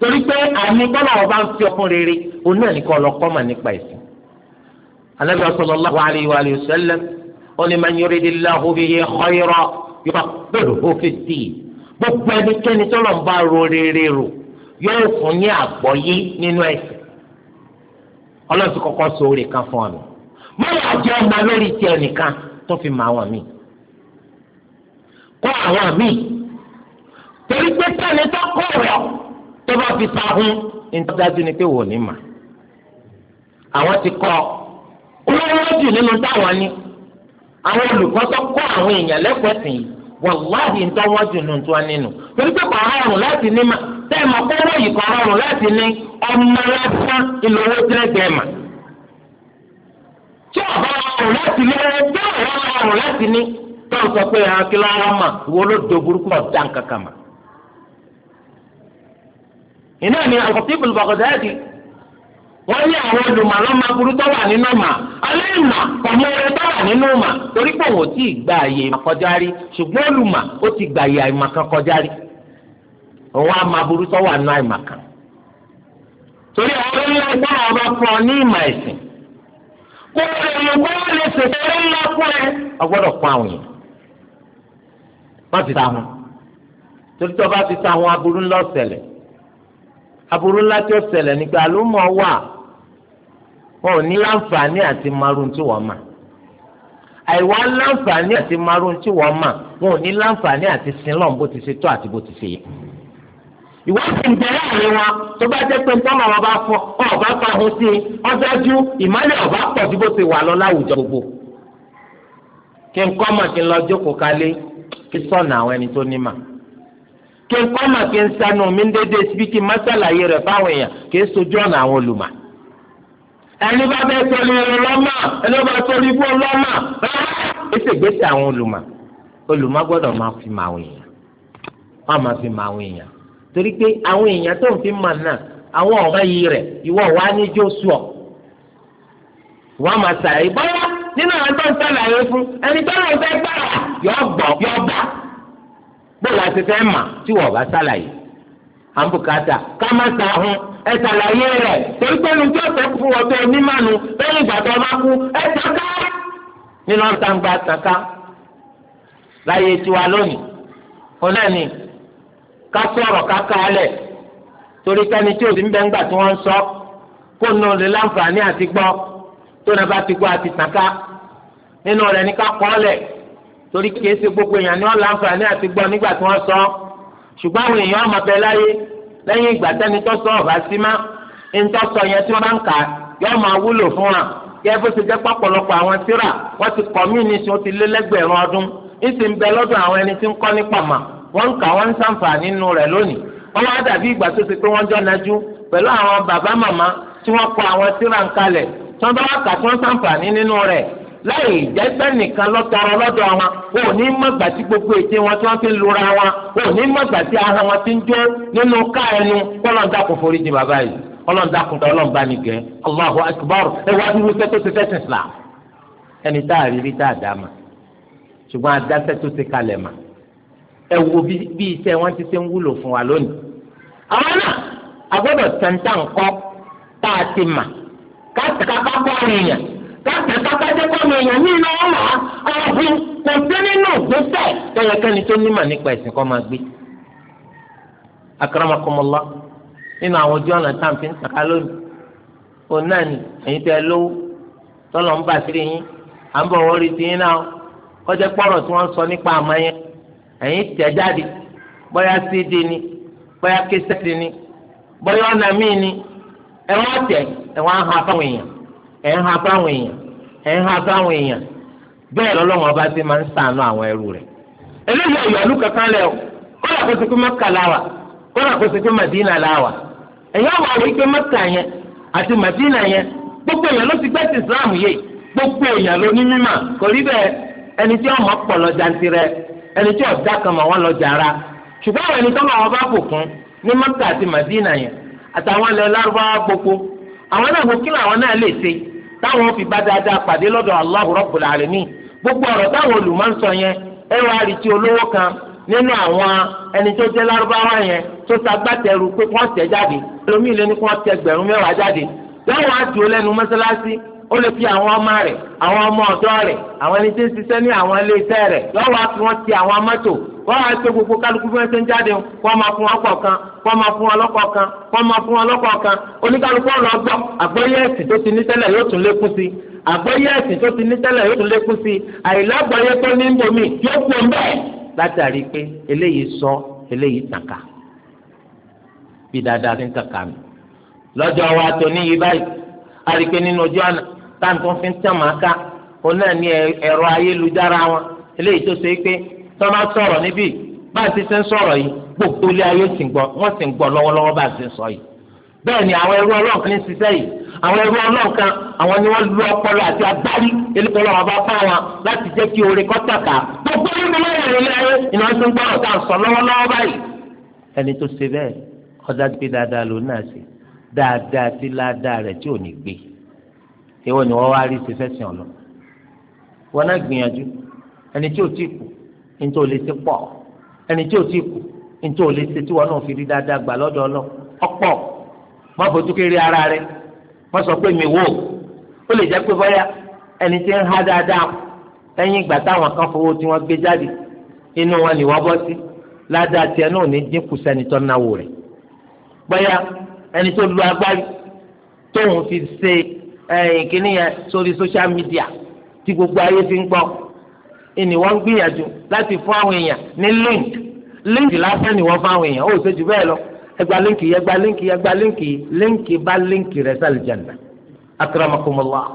torí pé àmì bọ́lá ọba ń fi ọkùn rere òun náà ní kọ́ lọ kọ́ mà nípa ẹ̀sìn. Ànábì sallallahu alayhi wa sallam ó ní man yuridillahu bihi khayran yufaqqihhu fid-din gbogbo ẹnikẹ́ni tọ́lọ̀ ń bá ro rere rò yóò fún ní àgbọ́yé nínú ẹ̀sìn. ọlọ́run ti kọ́kọ́ so oore kan fún ọ̀nà mọ́lá àjọ ọmọ tó bá fi sáhún ìtọ́jú ni pé wò ní mà àwọn ti olówó jù nínú táwọn ni àwọn olùkọ́ tó kọ́ àwọn èèyàn lẹ́kọ̀ọ́ sìn yìí wàláhì ń tọ́wọ́ jù nù tó nínú torí pé kọ̀ láti ní ọrụ tẹ́ẹ̀mọ̀ kọ́wọ́ yìí láti ní ọmọ lásán ìlówó tí ọ̀bá láti ní tí láti ní pé ma ló do burúkú iná ni al-Khatib al-Baghdadi wọ́n ní àwọn olùmọ̀lọ́mọ burú tó wà nínú mà alẹ́ ìmọ̀ ọmọ rẹ̀ tó wà nínú mà torí pé òun ò tí ì gba àyè ìmọ̀ kọjá rí ṣùgbọ́n olùmọ̀ ó ti gba àyè àìmọ̀ kan kọjá rí òun á máa burú tó wà nínú àìmọ̀ kan torí àwọn ilé ẹgbẹ́ ọba kan ní ìmọ̀ ẹ̀sìn kó ẹ̀yìn kó lè ṣètò ẹ̀rọ ńlá fún ẹ aburú ńlá tí ó sẹlẹ̀ nígbà àlùmọ̀ wà wọn ò ní láǹfààní àti marun tí wọ́n mà àìwá láǹfààní àti marun tí mà wọn ò ní láǹfààní àti sinlọ́n bó ti ṣe àti bó ti ṣe yẹ. tó bá jẹ́ pé ntọ́nà fọ ọba fahun sí i ọjọ́jú ọba pọ̀ sí bó ti wà lọ láwùjọ gbogbo. kí n kọ́ mọ̀ kí n lọ jókòó kalẹ̀ kí àwọn ẹni kí n kọ́ mà kí n sanu mi ń dédé síbi kí n má sàlàyé rẹ̀ fáwọn èèyàn kì í sojú ọ̀nà àwọn olùmọ̀. ẹni bá bẹ sọlí ọlọ́mà ẹni bá sọlí ibú ọlọ́mà ẹsẹ̀ gbèsè àwọn olùmọ̀ olùmọ̀ gbọ́dọ̀ máa fi mà àwọn èèyàn wọ́n máa fi mà àwọn èèyàn torí pé àwọn èèyàn tó ń fi mà náà àwọn ọ̀rọ̀ yìí rẹ̀ ìwọ wà ní jósùọ̀ wọ́n máa sàlàyé bọ́lá nínú àwọn tó ń sàlàyé fún ẹni tó ń sẹ́ bó la ti fẹ́ mà tí wọ́n bá ṣàlàyé à ń ká má sàhún ẹ ṣàlàyé rẹ̀ torí pé ní tí ọ̀sẹ̀ fún wọn tó ní mánu lẹ́yìn ìgbà tó bá kú ẹ tàká nínú ọ̀tàǹgbà tàká láyé tiwa lónìí òun náà ni ká sọ̀rọ̀ ká kálẹ̀ torí kẹ́ni tí òsì ń bẹ́ tí wọ́n ń sọ kó nù lè láǹfààní àti gbọ́ tó nàbà ti gbọ́ àti tàká nínú rẹ̀ ní ká kọ́ lẹ̀ torí kìí ṣe gbogbo èèyàn ni wọ́n láǹfààní àti gbọ́ nígbà tí wọ́n sọ ṣùgbọ́n àwọn èèyàn ọmọ bẹ láyé lẹ́yìn ìgbà tẹ́ni tó sọ ọ̀bá sí má ńtọ́ sọ yẹn tí wọ́n bá ń kà yóò máa wúlò fún wa kí bó ṣe jẹ́ pọ̀pọ̀lọpọ̀ àwọn tíra wọ́n ti kọ́ mí níṣu ti lé lẹ́gbẹ̀rún ọdún ìsì ń bẹ lọ́dọ̀ àwọn ẹni tí ń kọ́ nípa mà wọ́n ń kà wọ́n ń sàǹfààní nínú rẹ̀ lónìí wọ́n wá dàbí ìgbà tó ṣe pé wọ́n jọ nájú pẹ̀lú àwọn bàbá màmá tí wọ́n kọ àwọn tíra ń kalẹ̀ tí wọ́n bá wà kà tí wọ́n sàǹfààní nínú rẹ̀ láì ìjẹ́pẹ́ nìkan lọ́tara lọ́dọ̀ wọn wọn ò ní mọ̀gbà tí gbogbo ète wọn tí wọ́n fi ń lura wọn wọn ò ní mọ̀gbà tí ara wọn ti ń jó nínú ká ẹnu kọ́lọ́n dákun forí jì bàbá yìí kọ́lọ́n dákun tó ọlọ́run bá nìkẹ́ Allahu akbar ẹ wá dúró sẹ́tò ti fẹ́ sìn ẹni tá a rí rí tá a dá ma ṣùgbọ́n a dá sẹ́tò ti kalẹ̀ ma ẹ wo bí iṣẹ́ wọn ti ṣe ń wúlò fún wa lónìí àwọn náà a ti mà láti pátájẹ́ kọ́ mi èèyàn ní ìlú ọ̀la kò sí nínú ìgbésẹ̀ kẹ́yẹkẹ́ni tó nímọ̀ nípa ẹ̀sìn kọ́ máa gbé. akaramakomola nínú àwọn ojú ọ̀nà tá à ń fi ń lónìí òun náà ẹ̀yin lówó tọ́lọ̀ ń bà yín à ń bọ̀ wọ́n rí ti yín náà kọjá pọ̀rọ̀ tí wọ́n sọ nípa àmọ́ yẹn ẹ̀yin tẹ̀ jáde cd ni ni ọ̀nà míì ni ẹ̀wọ̀n ẹ̀ ń ha fáwọn èèyàn ẹ̀ ń ha fáwọn èèyàn bẹ́ẹ̀ ọba ti máa ń sànú àwọn ẹrú rẹ̀ eléyìí ọ̀yọ́lú kankan lẹ̀ o kọ́lá kó sekú mẹ́kà láwà kọ́lá kó sekú mẹ́dínà láwà ẹ̀yọ́ wà wí pé yẹn àti mẹ́dínà yẹn gbogbo èèyàn ló ti gbẹ́ ti islam yìí gbogbo èèyàn ló ní mímà kò rí bẹ́ẹ̀ ẹni tí ọmọ pọ̀ ara ṣùgbọ́n àwọn ẹni tó máa bá kò táwọn fi bá dáadáa pàdé lọ́dọ̀ Allahu Rabbul Alamin gbogbo ọ̀rọ̀ táwọn olùmọ̀ ń sọ yẹn ẹ wá rí ti olówó kan nínú àwọn ẹni tó jẹ́ lárúbáwá yẹn tó sagbátẹrù pé kí wọ́n tẹ̀ jáde ẹlòmíì lé ní kí wọ́n tẹ̀ gbẹ̀rún mẹ́wàá jáde lọ́wọ́ àti olẹ́nu mọ́sálásí ó lè fi àwọn ọmọ rẹ̀ àwọn ọmọ ọ̀dọ́ rẹ̀ àwọn ẹni tí ń ṣiṣẹ́ ní àwọn ilé iṣẹ́ rẹ̀ yọ wá fi wọ́n ti àwọn mọ́tò kọ́ wá ṣe gbogbo kálukú bí wọ́n ṣe ń jáde kọ́ máa fún wọn kọ̀ọ̀kan kọ́ máa fún wọn lọ́kọ̀ọ̀kan kọ́ máa fún wọn lọ́kọ̀ọ̀kan oníkálukú ọ̀rọ̀ gbọ́ àgbọ́yé ẹ̀sìn tó ti ní tẹ́lẹ̀ yóò tún lékún sí àgbọ́yé ẹ̀sìn tó ti ní tẹ́lẹ̀ yóò tún lékún sí àìlágbọ́yé bomi yóò kú ọ̀bẹ́ látàrí pé eléyìí sọ eléyìí tàkà bí dáadáa ti ń tàkà mi táǹtì wọn fi ń tẹ̀ máa ká òun náà ní ẹ̀rọ ayélujára wọn eléyìí tó ṣe pé tí wọ́n bá sọ̀rọ̀ níbí bá a ti ṣe ń sọ̀rọ̀ yìí gbogbo ilé ayé sì ń gbọ́ wọ́n sì ń gbọ́ lọ́wọ́lọ́wọ́ bá a ti sọ yìí bẹ́ẹ̀ ni àwọn ẹrú ọlọ́run kan ń ṣiṣẹ́ yìí àwọn ẹrú ọlọ́run àwọn ni wọ́n lu ọpọlọ àti agbárí elékọ́ lọ́wọ́ bá fún wọn láti jẹ́ kí oore kọ́ tàkà gbogbo nínú lọ́wọ́ ilé ayé ìná tó ń gbọ́rọ̀ tá à ń sọ lọ́wọ́lọ́wọ́ báyìí. ẹni tó ṣe bẹ́ẹ̀ ọ̀dà gbé dáadáa lòun náà dáadáa sí ládàá rẹ̀ tí ò ní gbé èwo ni wọ́n wá rí ṣe fẹ́sìn ọ̀lọ́ wọn náà gbìyànjú ẹni tí ò tí kù ní tó lè ṣe pọ̀ ẹni tí ò tí kù ní tó lè ṣe tí wọn náà fi rí dáadáa gbà lọ́dọ̀ ọlọ́ ọ̀pọ̀ má bójú kéré ara rẹ má sọ pé mi wò ó lè jẹ́ pé bọ́yá ẹni tí ń há dáadáa lẹ́yìn ìgbà táwọn kan fowó tí wọ́n gbé jáde inú wọn ni wọ́n bọ́ sí ládàá tiẹ̀ náà ní dínkù sẹ́ni tó náwó rẹ̀ bọ́yá ẹni tó lu agbárí tóun fi ṣe ẹ̀yìn eh, kìíní yẹn sórí social media tí gbogbo ayé si ń ị ìní wọn gbìyànjú láti fún àwọn èèyàn ní link link lásán ni wọn fún àwọn èèyàn ó ṣe jù lọ ẹgbà link yìí ẹgbà link yìí ẹgbà link yìí link bá link rẹ̀ sálì jàǹdà akramakumullah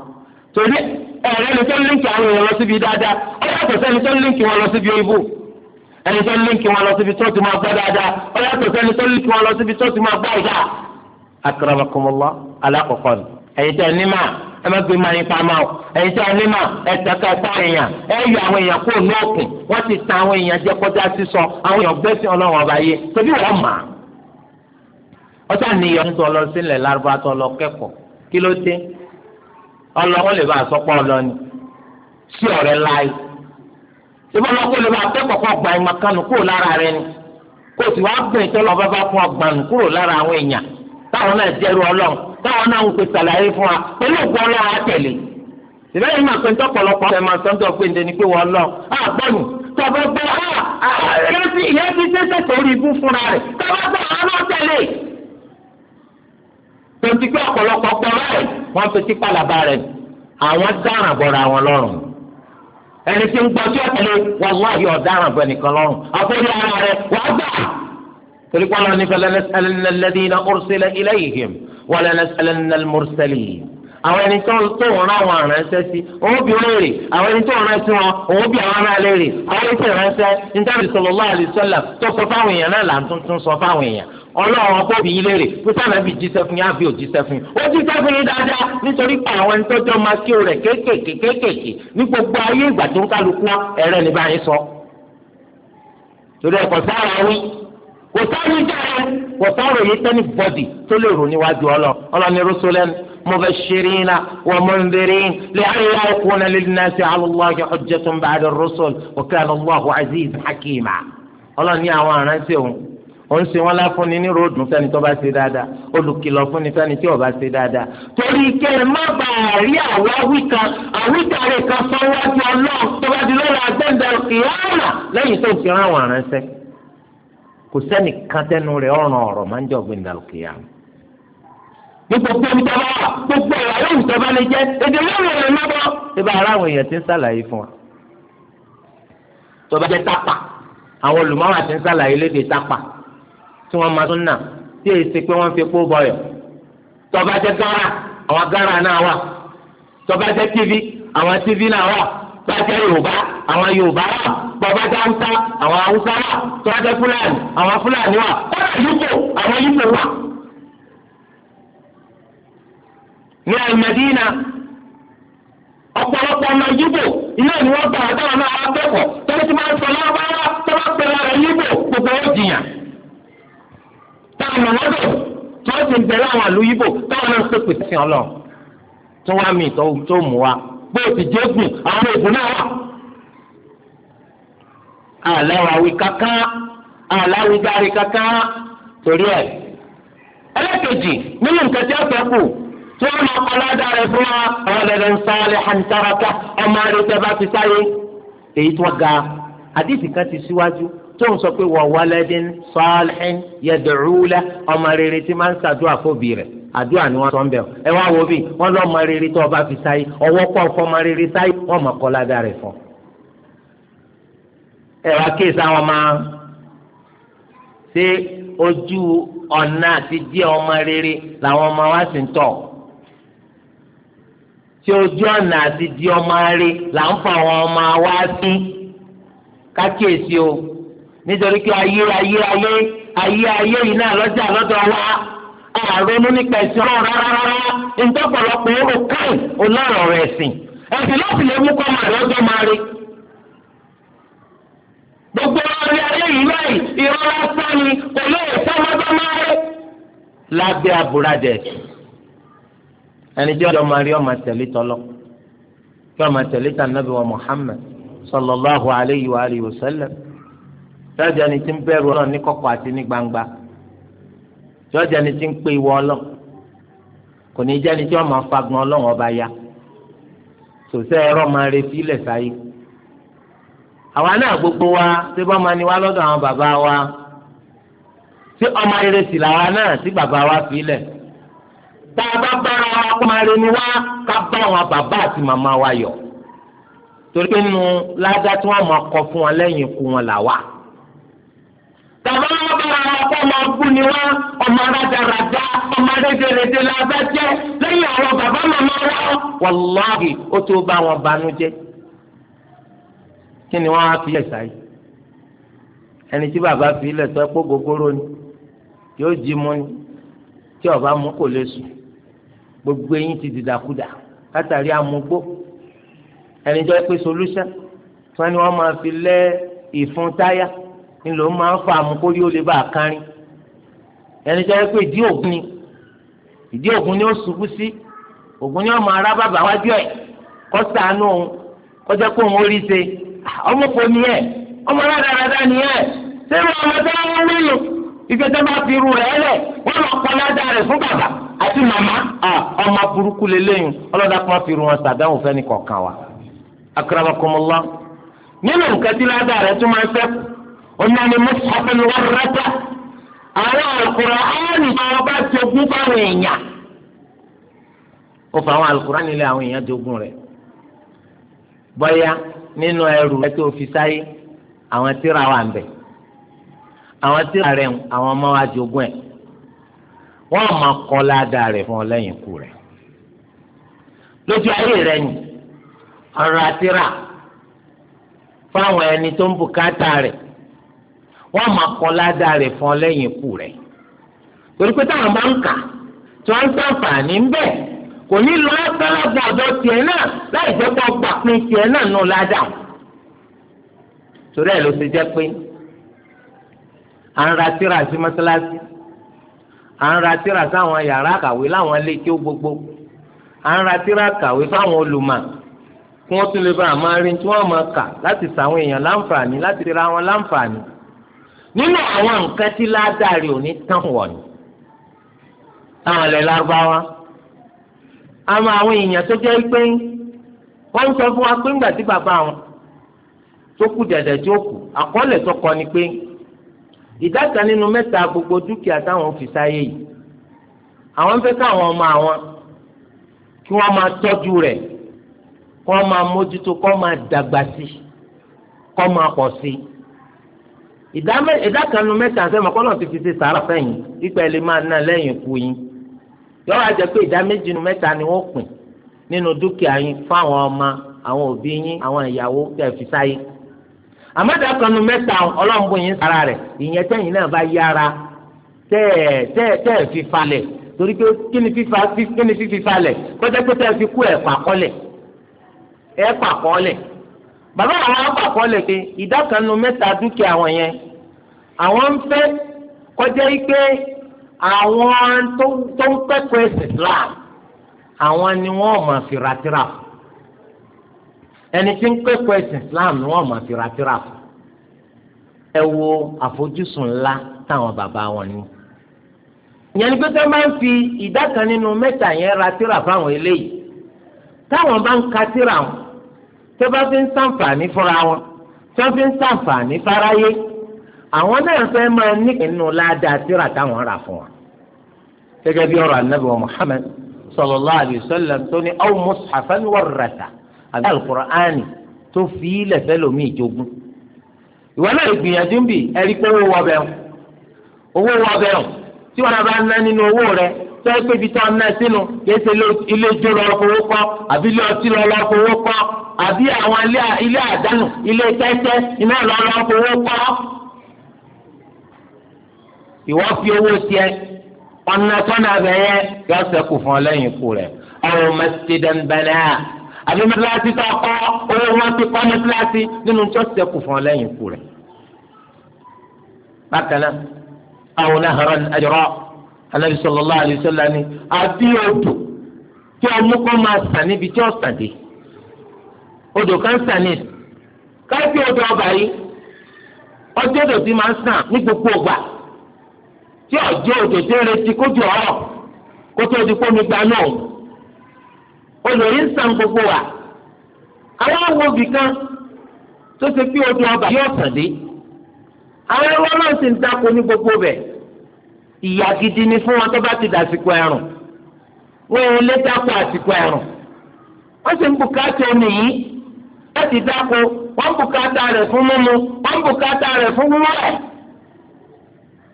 torí ẹ̀rọ ẹni tó link àwọn èèyàn lọ síbi dáadáa ó yàtọ̀ sẹ́ni tó ń link wọn lọ síbi ẹni link ẹ̀yin tẹ́ onímọ̀ ẹ má gbé mayin pamọ́ ẹ̀yin tẹ́ onímọ̀ ẹ tẹ́ka ẹ̀ta èèyàn ẹ yọ àwọn èèyàn kó ní òkun wọ́n ti ta àwọn èèyàn jẹ kọjá sísọ àwọn èèyàn gbẹ́sìn ọlọ́run ọba yé tóbi wọ́n mà á. ọ̀tá niyọ̀ ń tọ́ lọ sílẹ̀ lárúbá tọ́ lọ kẹ́kọ̀ọ́ kí ló dé ọlọ́wọ́n lè bá àsọpọ̀ ọlọ́ni sí ọ̀rẹ́ láì ìbọn ọkọ lè bá akẹ́kọ̀ọ́ gba ìmọ̀kànnù kúrò lára rẹ ni kó o sì wá gbìn tó lọ bá bá fún ọgbànnù kúrò lára àwọn èèyàn táwọn náà jẹ́rú ọlọ́run báwọn náà ń pè sàlàyé fún wa pẹ̀lú òkú ọlọ́run àtẹ̀lé ìbẹ́ yìí máa pe ń tọ́pọ̀lọpọ̀ ẹ̀ máa sọ́ńtọ̀ pé ndẹ́ni pé wọ́n lọ àgbọ̀nù tọ́pọ̀ pé ìyẹn ti ṣẹ́ṣẹ̀ sórí ibú fúnra rẹ̀ káwá bá àwọn náà tẹ̀lé. tonti pé ọ̀pọ̀lọpọ̀ pọ̀ rẹ̀ wọ́n fi tipa làbá rẹ̀ àwọn dáràn bọ̀ wala nas'alanna al-mursalin àwọn ẹni tó tó ń rán àwọn aránṣẹ́ sí òun bí léèrè àwọn ẹni tó ń rán sí wọn òun bí àwọn ará léèrè àwọn ẹni tó ránṣẹ́ nítorí sallallahu alaihi tó sọ fáwọn èèyàn náà là ń tuntun sọ fáwọn èèyàn ọlọ́run ọkọ bí yín léèrè pé sábà bí jíṣẹ́ fún yín àbí ò jíṣẹ́ fún yín ó jíṣẹ́ fún yín dáadáa nítorí pé àwọn ẹni tó jọ máa kí o rẹ̀ kéékèèké kéékèèké ní gbogbo ayé ìgbà tó ń kálukú ẹ̀rẹ́ ní báyìí sọ torí ẹ̀kọ́ sára wí kò sáré jáde kò sáré yìí tẹ́ni bọ́dì tó lè rò níwájú ọlọ ọlọ́ni rusulan mubashirina wa mundirin li'alla yakuna lin-nasi 'ala Allahi hujjatun ba'da ar-rusul wa kana Allahu 'azizan hakima ọlọ́ni àwọn aránṣẹ́ òun ó ń ṣe wọn láfúnni ní ròdù fẹ́ni tó bá ṣe dáadáa olùkìlọ̀ fúnni fẹ́ni tí ò bá ṣe dáadáa torí kẹ ẹ má bàa rí àwáwí kan àwítàrí kan sọ wájú Ọlọ́run tó bá di lọ́la àgbẹ̀ndẹ̀ kìí lẹ́yìn tó fi rán àwọn aránṣẹ́ kò sẹ́ni kan tẹnu rẹ̀ ọ̀ràn ọ̀rọ̀ máa ń jọ gbé ìdàlùkì yá. nípa pé omi tọ́ba wà gbogbo ìyàwó ìjọba lè jẹ́ èdè lórí rẹ̀ lọ́bọ̀. ibà ara àwọn èèyàn ti ń ṣàlàyé fún wa. tọ́ba jẹ́ tápà àwọn olùmọ́wà ti ń ṣàlàyé lédè tápà tí wọ́n máa tún nà tí èyí ṣe pé wọ́n fi kó bọ̀yọ̀. tọ́ba jẹ́ gárà àwọn gárà náà wà. tọ́ba jẹ́ tv àwọn tv náà wà bàjẹ́ yorùbá àwọn yorùbá wà bàbá dáńtá àwọn haúsá wà tọ́jà fúlàní àwọn fúlàní wà kọ́lá yípo àwọn yípo wà. ní alimadina ọ̀pọ̀lọpọ̀ ọmọ yípo ilé ni wọ́n bá àtàwọn náà wọ́n kẹ́kọ̀ọ́ tọ́lá ti máa ń sọ lọ́wọ́ tọ́lá pẹ̀lú ara yípo gbogbo ó jìyàn. táwọn ọ̀nà lọ́dọ̀ tí wọ́n ti bẹ̀rẹ̀ àwọn àlú yípo táwọn náà ń pèpè sí ọlọ́ tó wá mi tó bó o sì jẹ́ gùn àwọn ègún náà wà. àlàó àwí kankan àlàó ìdarí kankan torí ẹ̀. ẹlẹ́kejì nínú nǹkan tí a fẹ́ kù tí wọ́n máa kọ́lá dára fún wa ọ̀lẹ́dẹ̀ ń sáré hàǹtàràkà ọmọ rẹ̀ tẹ́ bá ti sáyé. èyí tó ga àdìsí kan ti síwájú. Si tó ń sọ pé wọ́n waladin salihin yad'u lahu ọmọ rere tí máa ń ṣàdúrà fóbi rẹ̀ àdúrà ni wọ́n sọ ń bẹ̀ ẹ wá wo bí wọ́n lọ́ ọmọ rere tó ọba fi sáyé ọwọ́ pọ̀ fọmọ rere sáyé wọ́n mọ̀ kọ́ ládàá rẹ̀ fọ́ ẹ wá kéésì àwọn ọmọ ṣé ojú ọ̀nà àti díẹ̀ ọmọ rere làwọn ọmọ wa sì ń tọ̀ tí ojú ọ̀nà àti díẹ̀ ọmọ rere là ń nítorí pé ayé ayé ayé ayé ayé yìí náà lọ́jà lọ́dọ̀ wa àrònú nípa ẹ̀sìn ọ̀rọ̀ rárá ntọ́pọ̀lọpọ̀ ọ̀rọ̀ káì ọlọ́rọ̀ rẹ̀ sìn ẹ̀sìn láti lè mú kọ́ màrí ọjọ́ máa rí. gbogbo ọ̀rẹ́ ayé yìí báyìí ìrọ̀ lásán ni kò lè sọ́mọ́tọ́ máa rí. lábẹ́ àbúradẹ ẹni jẹ́ ọjọ́ máa rí ọmọ tẹ̀lé tọ́lọ́ kí ọmọ tẹ̀lé tàn nàbí wa Muhammad sallallahu alayhi wa sallam jọjọ ni tí ń bẹ̀rù Ọlọ́run ní kọ̀kọ̀ àti ní gbangba jọjọ ẹni tí ń pè ìwọ Ọlọ́run kò ní jẹ́ ẹni tí wọ́n máa fagbọn Ọlọ́run ọba ya sòsẹ́ ẹ̀rọ máa retí ilẹ̀ sáyé àwa náà gbogbo wa ṣé bọ́ máa ní wá lọ́dọ̀ àwọn bàbá wa ṣé ọmọ rere sì làwa náà tí bàbá wa fi lẹ̀ tá a bá bára wa kó máa reni wá ká bá àwọn bàbá àti màmá wa yọ̀ torí pé nu ládá tí wọ́n máa kọ fún wọn lẹ́yìn ikú wọn làwa tàbá wọn bá ara ọkọ ọmọ ọkùn ni wọn ọmọ rádaràdá ọmọ rédèrèdè la bá jẹ lẹ́yìn àwọn bàbá màmá wọn wàláhì ó tó bá wọn banú jẹ́ kí ni wọn á fi ẹsà yìí ẹni tí bàbá fi ilẹ̀ sọ pé gogoro ni yóò jí mu ni tí ọba mú kò lè sùn gbogbo eyín ti dìdàkudà látàrí amúgbó ẹni jọ pé solution tí wọn ni wọn máa fi lẹ ìfun táyà. nlo máa ń fa àmukórí ó lè bá a kárín ẹni tó yẹ pé ìdí ògùn ni ìdí ògùn ni ó ṣubú sí ògùn ni ọmọ wájú ẹ kó ṣàánú òun kọjá kó òun ó ṣe ọmọ kò ní ẹ ọmọ rádaràdà ni ẹ ṣé ìwọ ọmọ tó ń rí lò ìfẹ́ tó fi rẹ̀ wọ́n lọ ládà rẹ̀ fún bàbá àti màmá ọmọ burúkú lélẹ́yìn ọlọ́dà onáni mọ́sáfẹ́ lọ́wọ́ rẹ́tà àwọn alukur'ani tí wọ́n bá jogún fáwọn èèyàn ó fa àwọn alukur'ani lé àwọn èèyàn jogún rẹ̀ bọ́yá nínú ẹrù rẹ̀ tó fi sáyé àwọn tíra wà ń bẹ̀ àwọn tíra rẹ̀ àwọn ọmọ wa jogún ẹ̀ wọ́n máa kọ́ ládàá rẹ̀ fún ọ lẹ́yìn ikú rẹ̀ lójú ayé rẹ̀ ni ọ̀rọ̀ àtìrà fáwọn ẹni tó ń bùkátà rẹ̀ wọ́n máa kọ́ ládàá rẹ̀ fún ọ lẹ́yìn ikú rẹ̀ torí pé táwọn máa ń kà tí wọ́n ń sàǹfààní ń bẹ̀ kò ní lọ sálàbọ̀ ọ̀dọ̀ tiẹ̀ náà láì jẹ́ kó gbà pín tiẹ̀ náà nù ládàá torí ẹ̀ ló ti jẹ́ pé à ń ra tíra sí mọ́sálásí à ń ra tíra sáwọn yàrá kàwé láwọn ilé tí ó gbogbo à ń ra tíra kàwé fáwọn olùmọ̀ kí wọ́n tún lè bá àmọ́ rí tí wọ́n máa kà láti sàwọn èèyàn láǹfààní láti ra wọn láǹfààní. nínú àwọn nǹkan tí ládàrí òní tán wọ̀ ni táwọn ilẹ̀ lárúbáwá àmọ́ àwọn èèyàn tó jẹ́ pé wọ́n ń sọ fún wa pé ńgbà tí bàbá wọn tó kù dẹ̀dẹ̀ tí ó kù àkọọ́lẹ̀ tó kọ ni pé ìdá kan nínú mẹ́ta gbogbo dúkìá táwọn fi sáyé yìí àwọn fẹ́ káwọn ọmọ àwọn kí wọ́n máa tọ́jú rẹ̀ kí máa mójútó kí máa dàgbà sí kí wọ́n máa pọ̀ sí i ìdá kanu mẹ́ta sẹ́mi ọ̀pọ̀lọ́ ti fi ṣe sàárà fẹ́yìn pípẹ́ lè máa ná lẹ́yìn ikú yín yọ wá jẹ pé ìdá méjì nu mẹ́ta ni wọ́n pín nínú dúkìá yín fáwọn ọmọ àwọn òbí yín àwọn ìyàwó tẹ̀ fi sáyé àmọ́dá kanu mẹ́ta ọlọ́mùbó yín sara rẹ̀ ìyẹn tẹ́yìn náà bá yára tẹ́ tẹ́ tẹ́ fi falẹ̀ torí pé kí ni fífa kí fífi falẹ̀ kọjá pé tẹ́ fi kú ẹ̀ pàkọ́lẹ̀ ẹ̀ pàkọ́lẹ̀ bàbá àwọn akọ̀kọ́ lè pe ìdá kan nu mẹ́ta dúkìá àwọn yẹn àwọn ń fẹ́ kọjá yìí pé àwọn tó ń kẹ́kọ̀ọ́ ẹ̀sìn Islam àwọn ni wọ́n máa fi ra fún ẹni tí ń kẹ́kọ̀ọ́ ẹ̀sìn Islam ni wọ́n máa fi ra tírà fún ẹ wo àfojúsùn ńlá táwọn bàbá wọn ní ìyẹn ni pé tá a máa ń fi ìdá kan nínú mẹ́ta yẹn ra tírà fáwọn eléyìí táwọn bá ń ka tírà wọn tó bá fi ń sàǹfààní fúnra wọn tó fi ń sàǹfààní fáráyé àwọn náà fẹ́ máa ní inú ládàá síra táwọn rà fún wa. gẹ́gẹ́ bí ọ̀rọ̀ anábì wa Muhammad sallallahu alayhi wa sallam tó ní aw mushafan warratha àbí alukur'ani tó fi ilẹ̀ fẹ́ lomi ìjogún. ìwọ náà ìgbìyànjú bì ẹ̀rí pé owó wọ bẹ́ẹ̀ owó wọ bẹ́ẹ̀ tí wọn bá ná nínú owó rẹ tẹ́lẹ̀ pé ibi tí wọn ná sínú kì í àbí àwọn ilé àdánù ilé tẹ́tẹ́ iná lọ́lọ́ fowó kọ́. ìwọ fi owó tiẹ̀ ọ̀nà tọ́nà bẹ̀yẹ yọ sẹ́kù fún ọ lẹ́yìn ikú rẹ̀ ọ̀rùn masjidan bana àbí mẹsàlásì tó kọ́ owó wọn ti kọ́ mẹsàlásì nínú tó sẹ́kù fún ọ lẹ́yìn ikú rẹ̀. bákan náà àwọn naharan ajra anabi sallallahu alaihi wasallam ni àbí odò tí ọmú kọ́ máa sàn níbi tí ó sàn dé. odò kansanis káyọ̀pì odò ọba yìí ọjọ́ odò máa ń sàn ní gbogbo ọgbà tí ọjọ́ odò retí kójú ọ̀rọ̀ kó tó di kó mi gba náà olórí ń sàn wa àwọn kan tó odò ọba yìí ọ̀sán dé àwọn ẹrú ọlọ́run ń dáko ní gbogbo bẹ̀ gidi ni fún wọn tó bá ti dàsìkò ẹ̀rùn wọn ò lè dáko àsìkò wọn sì ń bùkátà láti dáko wọ́n bùkátà rẹ̀ fún mímu wọ́n bùkátà fún wíwẹ̀.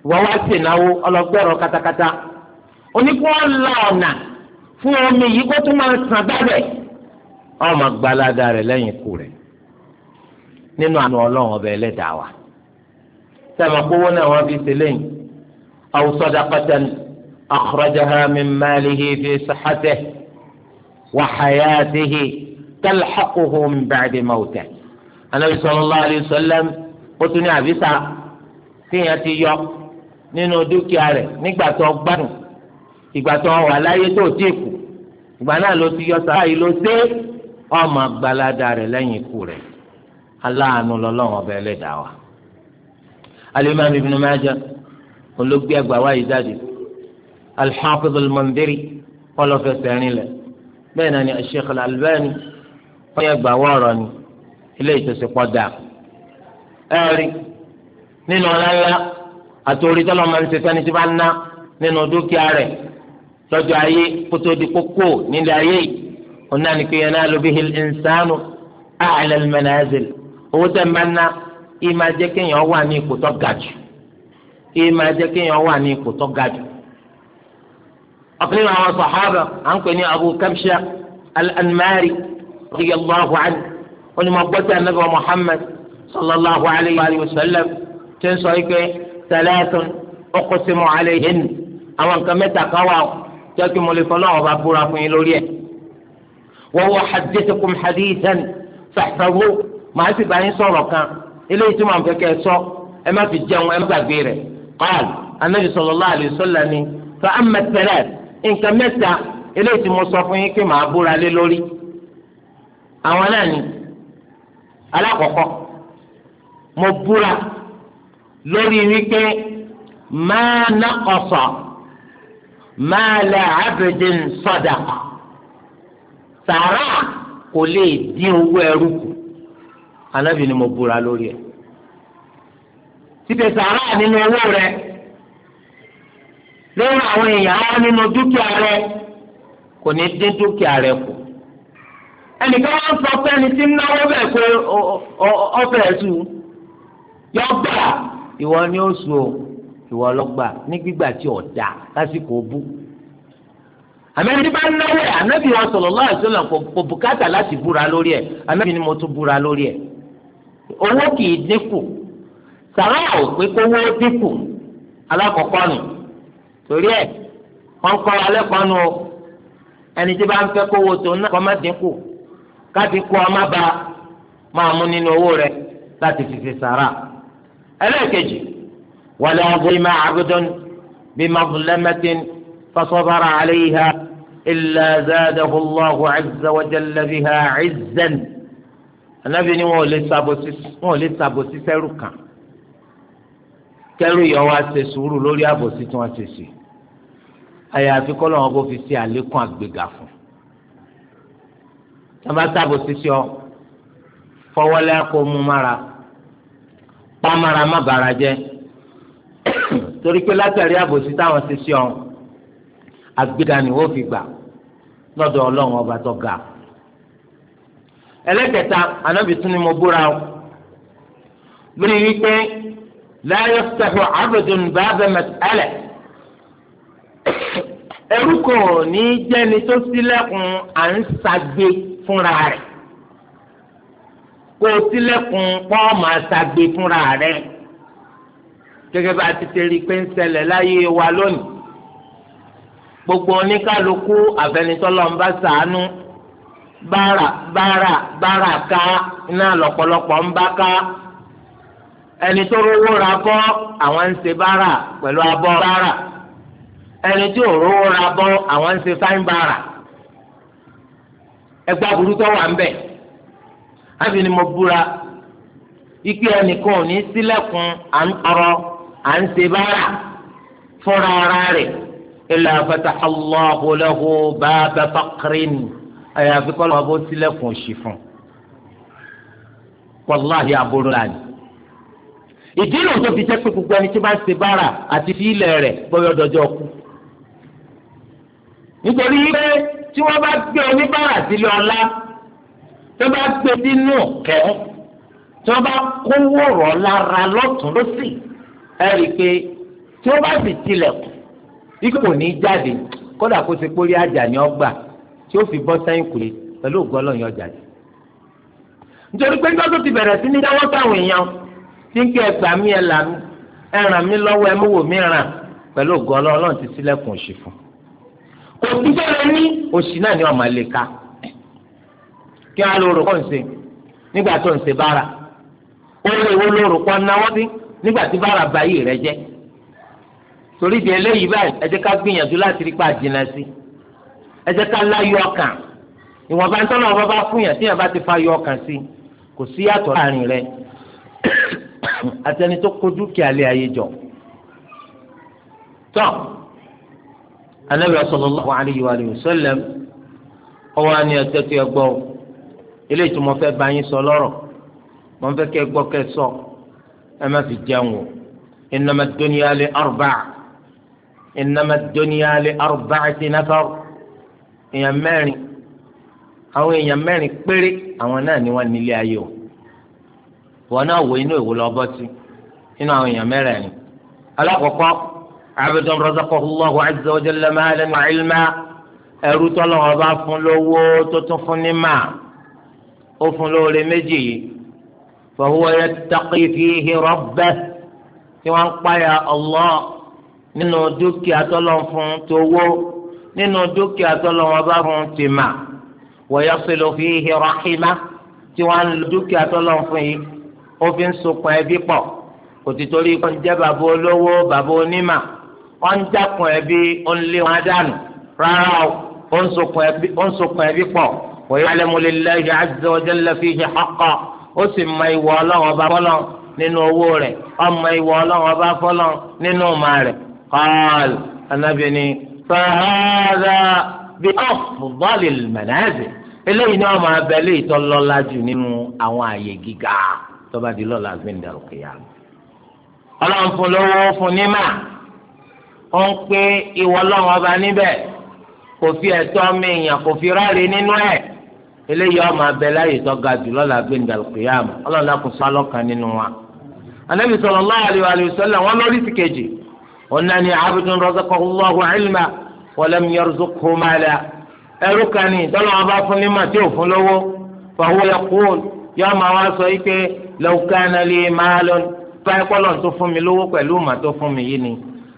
wọ́n wá sí ìnáwó ọlọ́gbẹ́rọ katakata oníkó fún omi yìí kó tó máa sàn dábẹ̀ wọ́n máa gbalada rẹ̀ lẹ́yìn ikú rẹ̀ nínú àánú ọlọ́run ọbẹ̀ ẹlẹ́dàá wa sẹ́mi àpòwọ́ náà wọ́n fi ṣe lẹ́yìn talhaquhu min ba'di mawtih anabi sallallahu alayhi wa sallam ó tún ní àbísà tíyẹn ti yọ nínú dúkìá rẹ̀ nígbà tó gbádùn ìgbà tó wà láyé tó tí kù ìgbà náà ló ti yọ sàrà yìí ló dé ọmọ agbalada rẹ̀ lẹ́yìn ikú rẹ̀ aláàánú lọ́lọ́run ọbẹ Ẹlẹ́dàá wa alimami ibn Majah olóògbé ẹgbà wa yìí jáde al-Hafiz al-Mundhiri ọlọfẹsẹ ẹrin lẹ bẹ́ẹ̀ náà ni al-Sheikh al-Albani. wọ́n yẹ gbà wọ́ọ̀rọ̀ ni ilé ìtòsí pọ̀ dà ẹ̀rí nínú ọ̀làlá àti orí tọ́lọ́ máa ń ṣe fẹ́ni tí bá ná nínú dúkìá rẹ̀ lọ́jọ́ ayé kótó di kókó nílé ayé yìí ọ̀nà ni pé yẹn náà ló bí hil ìnsánu àlẹ́ mẹ́nàzìl owó tẹ̀ máa ná ìyí máa jẹ́ kéèyàn wà ní ipò tó ga jù ìyí máa jẹ́ kéèyàn wà ní ipò tó ga jù. àwọn à ń pè ní Abu al radiyallahu anhu wọn ni mo gbọ́ sí anabi muhammad sallallahu alayhi wa sallam tí ń sọ yìí pé salatun uqsimu alayhin àwọn nǹkan mẹ́ta kan wà jẹ́ kí mo lè fọ́ lọ́wọ́ bá búra fún yín lórí ẹ̀. wa uhaddithukum hadithan fahfazu màá sì bá yín sọ̀rọ̀ kan eléyìí tí màá fẹ́ kẹ́ ẹ sọ ẹ má fi jẹun ẹ má gbàgbé rẹ̀ qaal anabi sallallahu alayhi wa sallam ni fa amma salat nǹkan mẹ́ta eléyìí tí mo sọ fún yín kí màá búra lé lórí. àwọn náà ni alákọ̀ọ́kọ́ mo búra lórí wípé máa ná ọ̀sọ̀ máa lẹ abidin sọdàkà sàrà kò lè dín owó ẹrú kù anábì ni mo búra lórí ẹ títẹ sàrà nínú owó rẹ lórí àwọn èèyàn á nínú dúkìá rẹ kò ní dín dúkìá rẹ kù. ẹnìkan wọn sọ pé ẹni tí ń náwó bẹ́ẹ̀ pé ọbẹ̀ ẹ̀sùn yọ gbà ìwọ ni ó sùn o ìwọ ọlọ́gbà ní gbígbà tí ò da lásìkò bú. àmẹ́ni bá ń náwó ẹ̀ ànábì wa sallallahu alaihi wasallam kò bùkátà láti búra lórí ẹ̀ ànábì ni mo tún búra lórí ẹ̀. owó kì í dínkù sàrà ò pé kówó dínkù alákọ̀ọ́kọ́ nù torí ẹ̀ wọ́n alẹ́ kan ẹni tí bá ń fẹ́ kówó tó ná kọ́ káti kú ọmọ bá máa mú nínú owó rẹ láti fi fi sàrà ẹlẹ́ẹ̀kejì wàlẹ́ ọgbọ́n máa àgùdọ́n bí mazlamatin fasọ́bára àlẹ́yìíha ilà zádàhu allahu azza wa jalla biha izzan anabi ni wọn ò lè sàbòsí sẹ́rù kan kẹ́rù yọ wá sùúrù lórí àbòsí tí wọ́n ṣe sí àyàfi kọ́ lọ́wọ́ bó fi ṣe àlékún àgbéga fún un wọn bá sábò sísí ọ fọwọlẹ kó mú mára pàmára má bàrà jẹ torí pé látàrí àbòsí táwọn sísí ọ àgbéga ni wọn fi gbà lọ́dọ̀ Ọlọ́run ọba tó ga ẹlẹ́kẹta anábì tún ni mo búra o lórí wípé láyé sẹfọ abdul bàbá mẹtẹlẹ ẹrú kò ní jẹni tó sílẹ̀kùn à ń ṣagbe. fúnra rẹ̀ kó o sílẹ̀kùn pọ́ọ̀mù àṣàgbé fúnra rẹ̀ gẹ́gẹ́ bá a ti ṣe rí i pé ń ṣẹlẹ̀ láyé wa lónìí gbogbo oníkàlùkù àfẹnitọ́lọ́mbà ṣàánú bára bára bára ká iná lọ̀pọ̀lọpọ̀ ń bá ká ẹni tó rówó ra bọ́ àwọn ń ṣe bára pẹ̀lú abọ́ bára ẹni rówó ra bọ́ àwọn ń ṣe bára ẹgbẹ́ aburú tó wà ń bẹ̀ ábì ni mo búra ikú ẹnìkan ò ní sílẹ̀kùn à ń tọrọ à ń ṣe báárà fúnra ara rẹ̀ illa fataha Allahu lahu baba faqrin àyàfi kọ́ lọ́wọ́ bó sílẹ̀kùn òṣì fún wàláhi aburú la ìdí lòun tó fi jẹ́ pé gbogbo ẹni tí bá ń ṣe báárà àti fi ilẹ̀ rẹ̀ gbọ́yọ̀ dọjọ́ kú nítorí pé tí wọ́n bá gbé oníbàárà sílé ọlá tó bá gbé sínú ọ̀kẹ́ tí wọ́n bá kówó rọ̀ lára lọ́tún lọ́sì ẹ rí i pé tí wọ́n bá sì tilẹ̀kùn ikú kò ní í jáde kódà kó ṣe pórí àjà ni ọgbà tí ó fi bọ́ sẹ́yìn kùlé pẹ̀lú ògbọ́lọ́yìn ọjà jù. nítorí pé nígbà tó ti bẹ̀rẹ̀ sí ní dáwọ́ sáwọn èèyàn tí ń kí ẹgbà mí ẹ là mí ẹ lọ́wọ́ ẹ mú wò mí ràn pẹ̀lú ògbọ́lọ́ ọlọ́run ti sílẹ̀kùn òṣì fún un kò sí bẹ́ẹ̀ ní òṣì náà ni wọ́n máa lè ka kí wọ́n á lóorò kọ́ ń ṣe nígbà tó ń ṣe bára ó lè wo lóorò kọ́ náwó sí nígbà tí bára ba yìí rẹ jẹ́ torí di eléyìí báyìí ẹ jẹ́ ká gbìyànjú láti rí pa jìnnà sí ẹ jẹ́ ká láyọ̀ ọkàn ìwọ̀nba ń tọ́lọ̀ ọba bá fún yàn tí yàn bá ti fa yọ ọkàn sí kò sí yàtọ̀ láàrin rẹ àtẹni tó kojú kí alẹ́ ayé jọ tán anabi sallallahu alayhi wa sallam ọwọ àni ẹtẹtẹ ẹgbọ eléyìí tí mo fẹ́ bá yín sọ lọ́rọ̀ mo fẹ́ kẹ́ gbọ́ kẹ́ sọ ẹ má fi jẹun o innama ad-dunya li arba'a innama ad-dunya li arba'ati nafar èèyàn mẹ́rin àwọn èèyàn mẹ́rin péré àwọn náà ni wọ́n nílé ayé o wọn náà wọ inú ìwòlọ́bọ́sí inú àwọn èèyàn mẹ́rin alákọ̀ọ́kọ́. عبدا رزقه الله عز وجل مالا وعلما ẹrú tọ́lọ̀ ọba fún lówó tó tún fún ní mà ó fún lóore méjì yìí فهو يتقي فيه ربه tí wọ́n ń páyà Allah nínú dúkìá tọ́lọ̀ fún tówó nínú dúkìá tọ́lọ̀ ọba fún tìmà ويصل فيه رحمه tí wọ́n ń lo dúkìá tọ́lọ̀ fún yìí ó fi ń sokùn ẹbí pọ̀ kò ti torí kọ́ ń jẹ́ bàbá olówó bàbá onímà wọ́n ń jákun ẹbí ó ń lé wọn dànù rárá o ó ń sokun ẹbí pọ̀ wa ya'lamu lillahi azza wa jalla fihi haqqan ó sì mọ ìwọ ọlọ́run ọba fọlọ́ nínú owó rẹ̀ ọmọ ìwọ ọlọ́run ọba fọlọ́ nínú ọmọ rẹ̀ kọ́ọ̀lù anábìíní fahadha bi afdalil manazil eléyìí ni wọn máa bẹ eléyìí tó lọ́lá jù nínú àwọn àyè gíga tó di lọ́la gbẹ̀ndàlùkìyà ọlọ́run fún lówó fún nímà ó ń pé ìwọ lọ́wọ́ ọba níbẹ̀ kò fi ẹ̀tọ́ mi èèyàn kò fi ráre nínú ẹ̀ eléyìí ọmọ abẹ láyè tó ga jù lọ́la gbẹ̀ndà kìyàmù ọlọ́la kò sọ alọ́kan nínú wa. anabi sallallahu alaihi wa sallam wọn lórí ti kejì wọn náà ní abidun razaqahu Allahu ilma wa lam yarzuqhu mala ẹrú kan ní dọ́là wọn bá fún ní mà tí ò fún lówó fahuwa yaqul yóò máa wá sọ yìí pé law kana li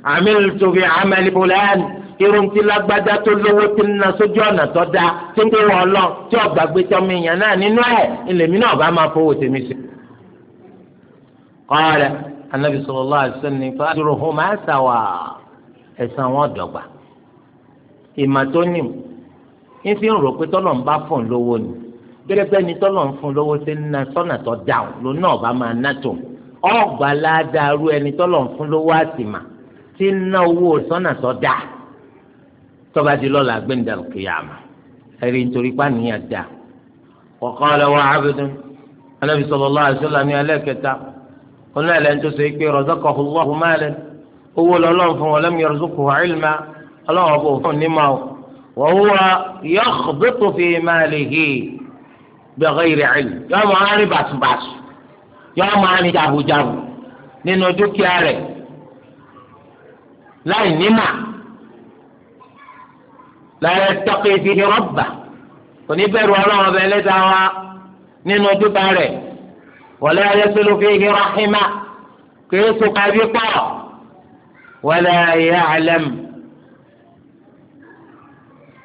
amiltu bi amali fulani irun ti lágbájá tó lówó ti ń na sójú ọ̀nà tó dáa tí ń pè wọ́n lọ tí ọ̀gbàgbé tọmọ èèyàn náà nínú ẹ̀ ìlèmí náà bá máa fowó tèmi sí. qala anabi sallallahu alaihi wasallam fa ajruhuma sawa ẹ̀san wọn dọ́gba ìmọ̀ tó ní ń fi ń rò pé tọ́lọ̀ ń bá fún un lówó ni gẹ́gẹ́ ni tọ́lọ̀ ń fún un lówó ṣe na sọ́nà tó dáhùn lónà ọ̀bá máa ná tó ọ̀gbà ládàá rú ẹni tọ́lọ̀ ń fún lówó àtìmá tí ń ná owó sọ́nà tó dà tọ́ba di lọ́la gbẹ̀ndà kìyàmà ẹ̀rí nítorí pàníyàn dà ọ̀kan lọ́wọ́ abidun anabi sallallahu alaihi wasallam ní alẹ́ kẹta ọ̀nà ẹ̀lẹ́ tó ṣe pé razaqahu Allahu malan owó lọ́lọ́run fún wọn lam yarzuqhu ilma ọlọ́run bò fún nímọ̀ wa huwa láì nímà láyé tọ́kì ìdíje rọ́bà oníbẹ̀rù ọlọ́run ọbẹ̀ lẹ́ta wa nínú dúpà rẹ̀ wọlé ayélujára fi hi rahima kìí sùkà bí pọ̀ wọlé ayé alẹ́mu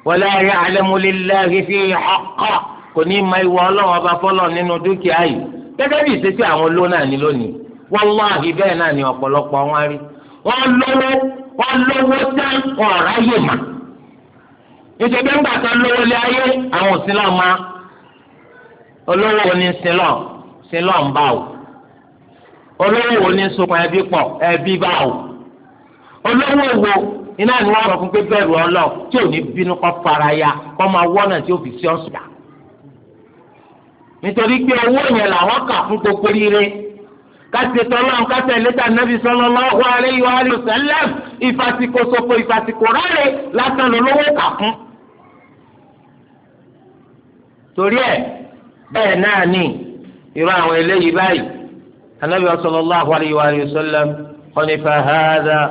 wọlé ayé alẹ́mu lílẹ́ẹ̀kì fi ọkọ̀ kò ní ma ìwọ ọlọ́run ọba fọlọ́ nínú dúkìá yìí gẹ́gẹ́ bí ìṣesí àwọn olóńà ní lónìí wọ́n wá àhí bẹ́ẹ̀ náà ní ọ̀pọ̀lọpọ̀ wọn rí. wọ́n lówó wọ́n lówó tán lé ayé àwọn ma olówó wo ni sinlọ sinlọ ń bá o olówó wo ni sokun ẹbí pọ̀ ẹbí bá o olówó wo iná ni ọlọ tí ò ní bínú ya máa tí ó fi sí kásìtì tọ́lọ́run kásìtì lẹ́tà nàbì sallallahu alaihi wa alihi wasallam ìfàsìkò sọ̀kò ìfàsìkò rárẹ̀ lásán lọ́wọ́ kà fún. torí ẹ bẹ́ẹ̀ náà ni irú àwọn eléyìí báyìí anabi sallallahu alaihi wa alihi wasallam qani fahadha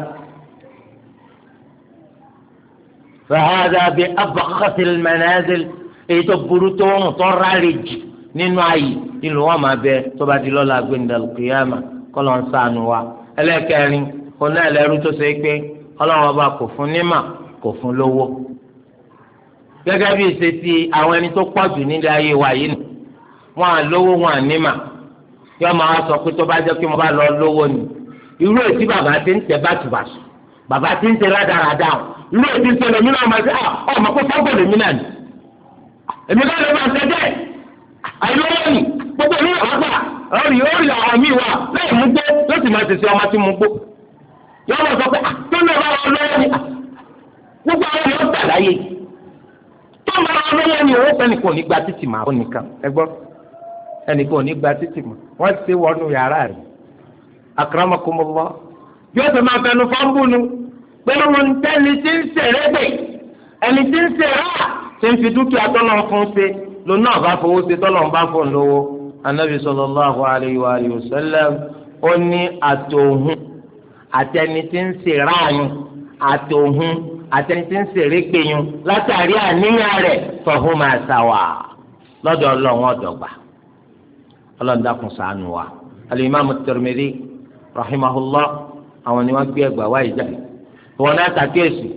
fahadha bi abkhas al manazil èyí tó burú tó ń tọ́ rárẹ̀ jù nínú ayì ìlú wọn máa bẹ tó bá di lọ́la gbẹ̀ndàlùkìyàmà kọ́lọ̀ ń sànù wa ẹlẹ́kẹrin ọ̀nà ẹlẹ́rú tó ṣe pé ọlọ́run ọba kò fún nímà kò fún lówó gẹ́gẹ́ bí ìṣesí àwọn ẹni tó pọ̀ jù nílé ayé wa yìí nù wọn à lówó wọn à nímà yọ máa sọ pé tó bá jẹ́ kí mo bá lọ lówó ni irú èsì bàbá ti ń tẹ bàtùbàtù bàbá ti ń tẹ rádaràdà irú èsì ń tẹ lèmi náà máa ṣe ọ ah, ọmọ kó fọ́gbọ̀n lèmi ni èmi náà lè àìlọ́wọ́nì gbogbo ní àgbà ọ̀rì ọ̀rì àwọn míì wà láì mú gbó ló sì máa tẹ̀sí ọmọ tí mú gbó. yọ́n mọ̀ sọ pé ah, tó lè bá wọn lọ́wọ́ ni ah, gbogbo àwọn ènìyàn gbà láyé tó ń bá wọn lọ́wọ́ ni owó fẹ́ni kò ní gba títì mà ó nìkan ẹ gbọ́ ẹnì kò ní gba títì mà wọ́n ti wọnú yàrá rẹ̀ akramakumullah yóò tó máa fẹnu fọ́nbùnú pẹ̀lú wọn tẹ́ni tí ń ṣèrè lòun náà bá fowó ṣe tọ́lọ̀ ń bá fọ̀ lówó anabi sallallahu alayhi wa alihi wa sallam ó ní àtòhun àtẹni tí ń ṣe ráàyùn àtòhun àtẹni tí ń ṣe régbèyùn látàrí àníyàn rẹ̀ fọ̀hún máa ṣàwà lọ́dọ̀ ọlọ́run ọ̀dọ̀gba ọlọ́run dákun ṣàánú wa alimami Tirmidhi rahimahullah àwọn ni wọ́n gbé ẹgbà wá ìjà ìwọ náà kàkíyèsí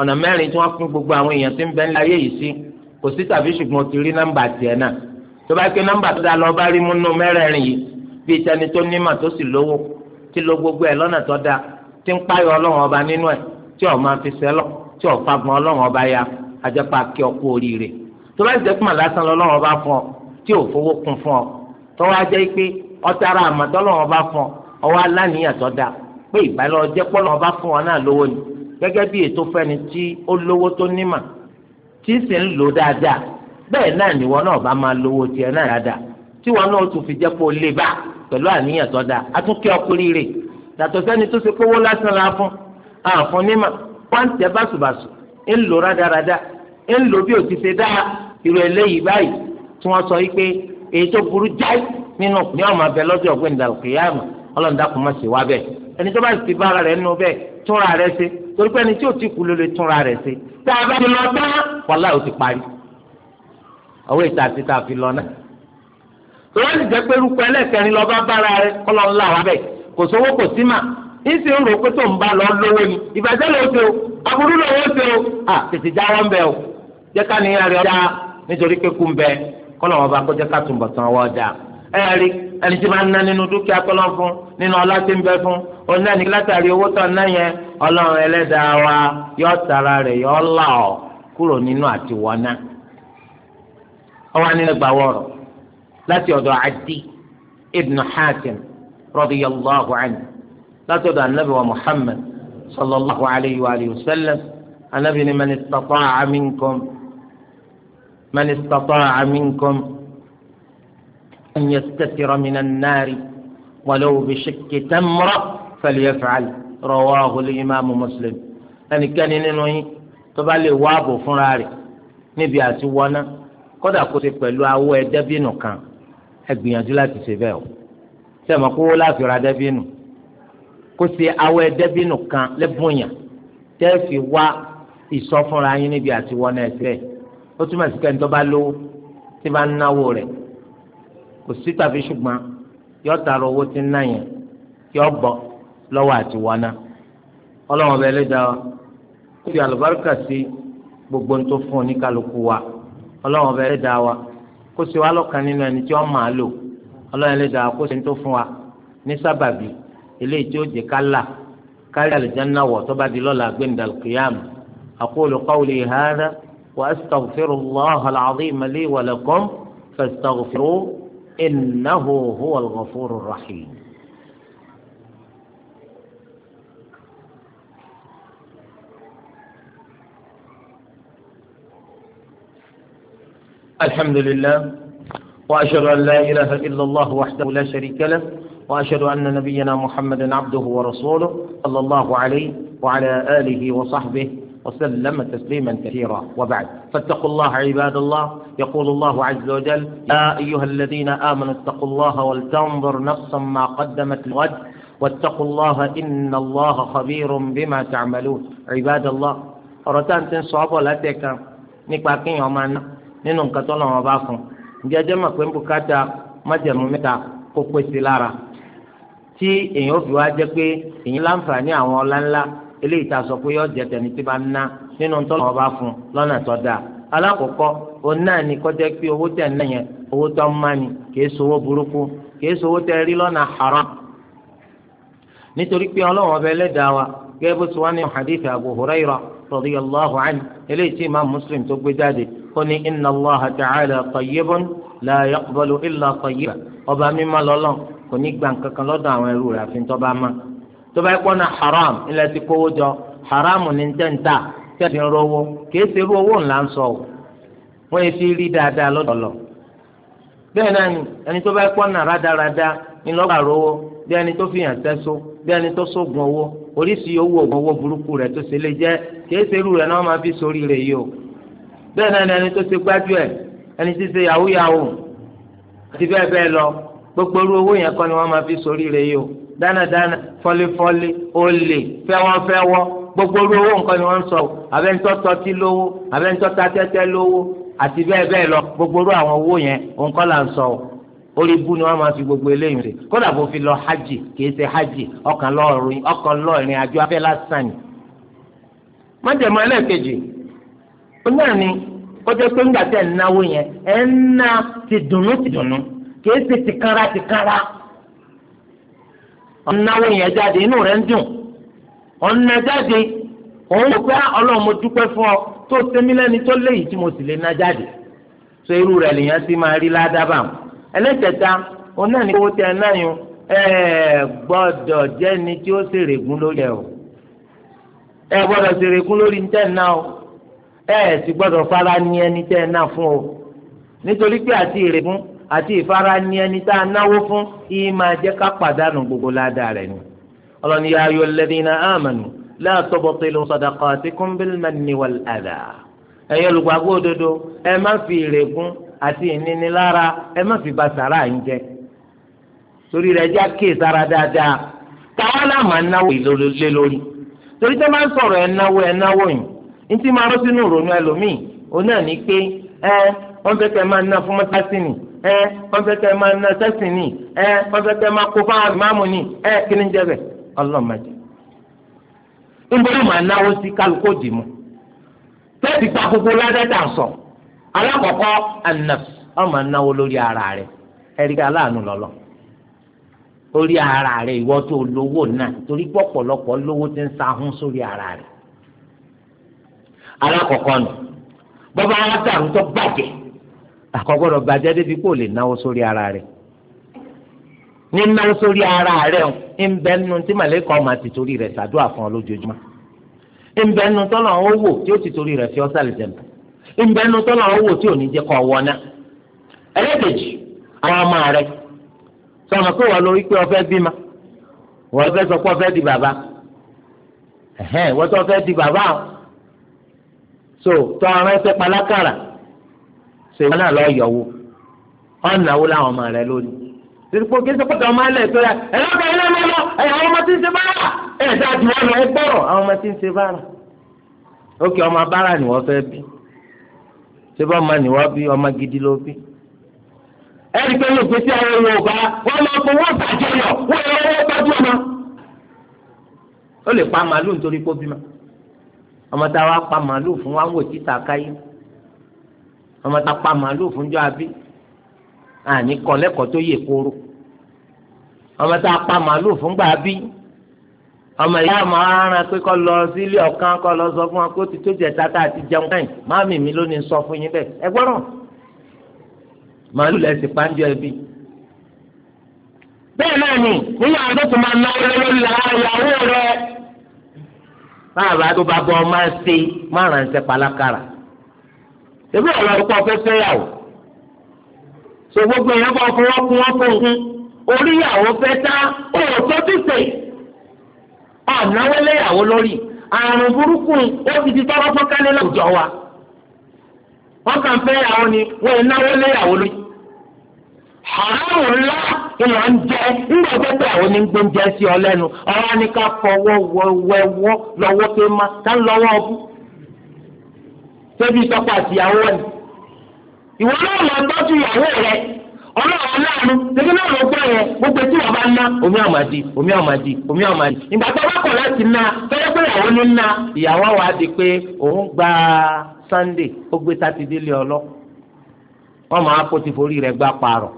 ọ̀nà mẹ́rin tí wọ́n fún gbogbo àwọn èèyàn tí ń bẹ ayé yìí sí. kò sí tàbí ṣùgbọ́n ti rí nọ́mbà tiẹ̀ náà tó bá ké nọ́mbà tó dá lọ bá rí múnú mẹ́rẹ̀ẹ̀rin yìí bíi tẹni tó nímọ̀ tó sì lówó tí lo gbogbo ẹ̀ lọ́nà tó dáa tí ń páyọ ọlọ́run ọba nínú ẹ̀ tí ọ̀ máa fi sẹ́lọ̀ tí ọ̀ fagbọn ọlọ́run ọba ya ajẹ́pá kí ọkú oríire tó bá ọba fún tí ò fowó fún ọ tó wá tí sì ń lò dáadáa bẹ́ẹ̀ náà ni wọn náà bá máa lówó tiẹ̀ náà dáadáa tí wọn náà tún fi jẹ́ kó lè bá pẹ̀lú àníyàn tó dáa atúnkẹ́ ọkùnrin rè yàtọ̀ sẹ́ni tó ṣe kówó lásán la fún àfún nímà wọ́n tẹ báṣubàṣu ń lò rádaràda ń lò bí òtí ṣe dáa irú eléyìí báyìí tí wọ́n sọ wípé èyí tó burú jáì nínú ní ọmọ abẹ lọ́jọ́ ọ̀gbìn dàrú kìyàmù ọlọ́run dákun má túnra rẹ̀ ṣe torí pé ẹni tí ò ti kú ló lè túnra rẹ̀ ṣe tá a bá ti lọ tán wàhálà ò ti parí ọwọ́ ìta fi lọ náà tòwá ti jẹ́ pé rúkọ ẹlẹ́kẹrin lọ́ba bára rẹ̀ kọ́lọ́ ńlá wa bẹ̀ kò sówó kò sí mà ń rò pé tó ń bá lọ lówó ni ìbàjẹ́ o wọ́n o à tètè já o jẹ́ ká ọjà nítorí pé kú ń bẹ kọ́lọ́ wọn bá kó ẹni tí máa ń ná nínú dúkìá tọ́lọ́ fún nínú ọlá tí ń bẹ fún òun náà ní látàrí owó tó ń ná yẹn ọlọ́run ẹlẹ́dàá wa yọ tara rẹ̀ yọ là ọ́ kúrò nínú àti wọná. ọwọ́ anílẹ̀ gbà wọ̀rọ̀ láti ọ̀dọ̀ Adi ibn Hatim radiyallahu anhu láti ọ̀dọ̀ anabi wa Muhammad sallallahu alayhi wa sallam anabi ni man istata'a minkum man istata'a minkum. أن يستتر من النار ولو بشق تمرة فليفعل رواه الإمام مسلم أن كان ننوي تبالي وابو فراري نبي أسوانا قد أقول pẹ̀lú awọ ẹ̀dẹ́bìnú kan ẹ gbìyànjú láti ṣe bẹ́ẹ̀ o sẹ́mi kó wọ́n láti ra ẹ̀dẹ́bìnú kó ṣe awọ ẹ̀dẹ́bìnú kan lẹ́bùnyà tẹ́ẹ̀fì wá ìsọfúnra yín níbi àtiwọ́nà ẹ̀sẹ̀ ó túmọ̀ sí kẹ́ńtọ́ bá lówó tí bá ń náwó rẹ̀ kò sí tàbí ṣùgbọ́n yọ tààrà owó tí ń ná yẹn yọ bọ́ lọ́wọ́ àti wọná ọlọ́wọ́n bẹ́ẹ̀ lé dáa kó fi àlùbáríkà sí gbogbo ń tó fún un ní kálukú wa ọlọ́wọ́n bẹ́ẹ̀ lé dáa wa kó sì wá lọ́kàn nínú ẹni tí wọ́n máa lò ọlọ́wọ́n lé dáa kó sì ń tó fún wa ní sábàbí eléyìí tí ó jẹ ká kárí àlùjáná wọ̀ tó bá di lọ́la gbẹ̀ndàlùkìyàmù aqulu qawli hadha wa astaghfirullaha al-azima li wa lakum fastaghfiruhu. إنه هو الغفور الرحيم الحمد لله وأشهد أن لا إله إلا الله وحده لا شريك له وأشهد أن نبينا محمدا عبده ورسوله صلى الله عليه وعلى آله وصحبه وسلم تسليما كثيرا وبعد فاتقوا الله عباد الله يقول الله عز وجل يا أيها الذين آمنوا اتقوا الله ولتنظر نفسا ما قدمت الغد واتقوا الله إن الله خبير بما تعملون عباد الله أرتان تنصعب ولا تكا نكباكين يومان ننون كتولا وباكم جاجما كوين بكاتا مجمو متا كوكوي سلارا tí èèyàn fi wá jẹ pé èèyàn láǹfààní eléyìí tá a sọ pé yọ jẹ tẹni tí bá ná nínú tọ́lọ́ wọn bá fún lọ́nà tó dáa alákọ̀ọ́kọ́ òun náà ní kọjá pé owó tẹ̀ ń náyẹn owó tó ń mání kìí sowó burúkú kìí sowó tẹ̀ rí lọ́nà haram nítorí pé ọlọ́wọ́n ọbẹ̀ ẹlẹ́dàá wa gẹ́gẹ́ bó ti wá ní hadith Abu Hurairah radiyallahu anhu eléyìí tí imaam Muslim tó gbé jáde ó ní inna Allaha ta'ala tayyibun la yaqbalu illa tayyiba ọba mímọ́ lọ́lọ́ kò ní gbà kankan àwọn ẹrú rẹ̀ àfi tó bá máa tó bá haram ilẹ̀ ti kówó jọ haram ni ẹni nta bá kọ́ na rádaràda ńlọ́gbà rówó bí ẹni tó fi hàn sẹ́só bí ẹni tó sógun owó oríṣi owó ògùn owó burúkú rẹ̀ tó ṣe lè fi yìí o. náà ni ẹni tó ṣe gbájú ẹ̀ ẹni tí ṣe yahoo yahoo àti bẹ́ẹ̀ bẹ́ẹ̀ lọ gbogbo owó yẹn kọ́ ni wọ́n máa fi dánadáná fọlifọli olè fẹwọfẹwọ gbogbo owó nǹkan ni wọ́n ń sọ abẹ́ńtọ́tọ́ tí lówó abẹ́ńtọ́tà tẹ́tẹ́ lówó àti bẹ́ẹ̀ bẹ́ẹ̀ lọ gbogbo owó àwọn owó yẹn nǹkan là ń sọ orí ibú ni wọ́n máa fi gbogbo eléyìí rè kódà bó fi lọ hajj kì í ṣe hajj ọkàn lọ́ọ̀rin ọkàn lọ́ọ̀rin àjọ afẹ́ lásán ni. májèmọ́ ẹlẹ́ẹ̀kejì ó náà ni kọjá pé ńgbà tẹ̀ ń náwó yẹn ẹ̀ ń ná ti dùnú ti dùnú kì í ṣe tìkanra tìkanra ọ̀nàwó yẹn jáde inú rẹ̀ ń dùn ọ̀nà jáde òun pé ah, ọlọ́run mo dúpẹ́ fún ọ tó sẹ́mi lẹ́ni tó léyìí tí mo sì lè ná jáde so irú rẹ̀ lèyàn sì máa rí ládàbà mu ẹlẹ́kẹta òun náà ní owó tẹ ẹ náà yun ẹ gbọ́dọ̀ jẹ́ni tí ó ṣèrègùn lórí ẹ o ẹ gbọ́dọ̀ ṣèrègùn lórí ní tẹ́ o ẹ sì gbọ́dọ̀ fara ní ẹni tẹ́ fún o nítorí pé àti ìrègùn àti ìfarani ẹni tá a náwó fún yìí máa jẹ́ ká pàdánù gbogbo ládàá rẹ̀ ni ọlọ́ni yà ayọ̀ lẹ́dínà àmàlù láàtọ̀bọ̀ tó ìlú sọ̀dàkọ̀ àti kúńbílmẹ́ni wà ládà ẹ̀yẹ olùgbàgbọ́ òdodo ẹ má fi ìrègùn àti ìnínilára ẹ má fi ba sàrà ń jẹ torí rẹ̀ já kéè sára dáadáa táwọn náà máa náwó ìlólé lórí torí tẹ́ máa ń sọ̀rọ̀ ẹ̀ náwó ẹ̀ náwó yìí ní ti máa ẹ wọ́n ma na ni ẹ wọ́n ma kó fáwọn ìmáàmù ni ẹ kí ni jẹ́ bẹ̀ ọlọ́mọdé. náwó sí kálukó dì mú tẹ́sí pa gbogbo ládẹ́ta sọ alákọ̀ọ́kọ́ anaf ọmọ náwó lórí ara rẹ ẹ̀rí ká láàánú orí ara rẹ ìwọ tó lówó náà ara nù àkọ́gbọ́dọ̀ bàjẹ́ débi kò lè náwó sórí ara rẹ̀ ní náwó sórí ara rẹ̀ ń bẹ́ nu tí màlẹ́kọ̀ ọmọ ti torí rẹ̀ ṣàdúrà fún ọ lójoojúmọ́ ń bẹ́ nu tí ó ti torí rẹ̀ fi ọ́ sàlẹ̀ jẹ̀mọ́ ń bẹ́ nu tí kọ́ pé wọ́n lórí pé ọfẹ́ fẹ́ sọ pé ọfẹ́ di bàbá ẹ̀hẹ́n ṣe wọn náà lọ yọ̀wò ọ̀nàwó làwọn ọmọ rẹ lónìí tìrìpọ̀ kí n sọ pọ̀tà ọmọ ẹlẹ́ ìpẹ́yà ẹ̀rọ ọmọ ẹlẹ́ ọmọ ọmọ ẹ̀yà ọmọ tí ń ṣe bára ẹ̀dá àti wọn lọ gbọ́rọ̀ àwọn ọmọ tí ń ṣe bára ókè ọmọ bára ni wọ́n fẹ́ bí ṣé bá ọmọ ni wọ́n bí ọmọ gidi ló bí. ẹ̀rí pé ló pèsè àwọn ohun ọ̀gá wọn máa fowó bàjẹ́ lọ wọ́n lọ wọ́n tọ́jú ọmọ. ó lè pa màálù nítorí pé ó ọmọ táwa pa màálù fún wa wò títà káyé ọmọ tá a pa màálù fúnjọ abí àní kọ́ lẹ́kọ̀ọ́ tó yẹ kóró ọmọ tá a pa màálù fúngbà abí ọmọ ìyá àmọ́ aran pé kọ́ lọ sílé ọ̀kan kọ́ lọ sọ fún wa kó ti tó jẹ tata àti jẹun káyìn máàmì mi ló ní sọ fún yín bẹ́ẹ̀ ẹ gbọ́rọ̀ màálù lẹ́sìn pàǹjọ ẹbí bẹ́ẹ̀ náà ni nínú àwọn tó tún máa náwó lórí ìyàwó rẹ̀ báwa tó bá bọ́ ọ máa ń ṣe máa ràn ṣe pàlákàrà. ebi ọlọ́dún kọ́ fẹ́ fẹ́yàwó so gbogbo yẹn kọ́ fún wọn kún wọn fún un oríyàwó fẹ́ tá òótọ́ tó sè ọ̀náwó léyàwó lórí àrùn burúkú ó ti di tọ́wọ́ fọ́kálẹ́ láwùjọ wa ọ kàn fẹ́yàwó ni wọ́n léyàwó lórí ńlá jẹ ńgbà àwọn ọ lẹ́nu ọ̀rọ̀ ni ká fọwọ́ lọ́wọ́ ṣebí ìtọ́kọ àti ìyàwó wọn. ìwọ náà lọ tọ́jú ìyàwó rẹ ọlọ́run láàánú ṣebí náà ló gbọ́ yẹn gbogbo tí wọ́n bá ná omi àmàdì omi omi àmàdì ìgbà tó kọ̀ láti ná tọ́jú pé ìyàwó ná ìyàwó wa di pé òun gba ó gbé sátidé lé wọ́n máa forí rẹ̀ pààrọ̀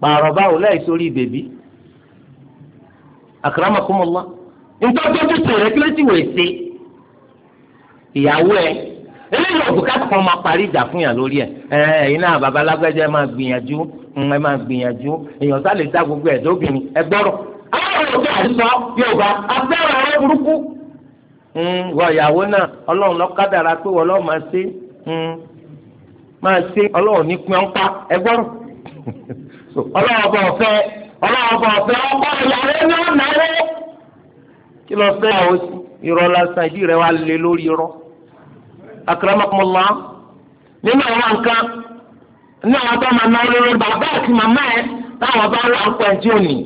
pààrọ̀ báwo bèbí tó ti kí ló ti ṣe eléyìí ọ̀bùkátà kan máa parí ìjà fún yàn lórí ẹ̀ ẹ̀yin náà bàbá ẹ máa gbìyànjú ẹ máa gbìyànjú èèyàn sá sá gbogbo ẹgbọ́rọ̀ ọlọ́run àdìsọ yorùbá abẹ́rẹ́ ọ̀rọ̀ burúkú. Hmm, wọ ìyàwó náà ọlọ́run lọ́kadàrà pé wọ́n lọ́ọ́ máa hmm, ní pín ọkọ kí lọ fẹ́ akramakumullah nínú àwọn nǹkan ní àwọn tó máa náwó lórí bàbá àti màmá ẹ táwọn bá wà ń pẹ́ tí ò ní.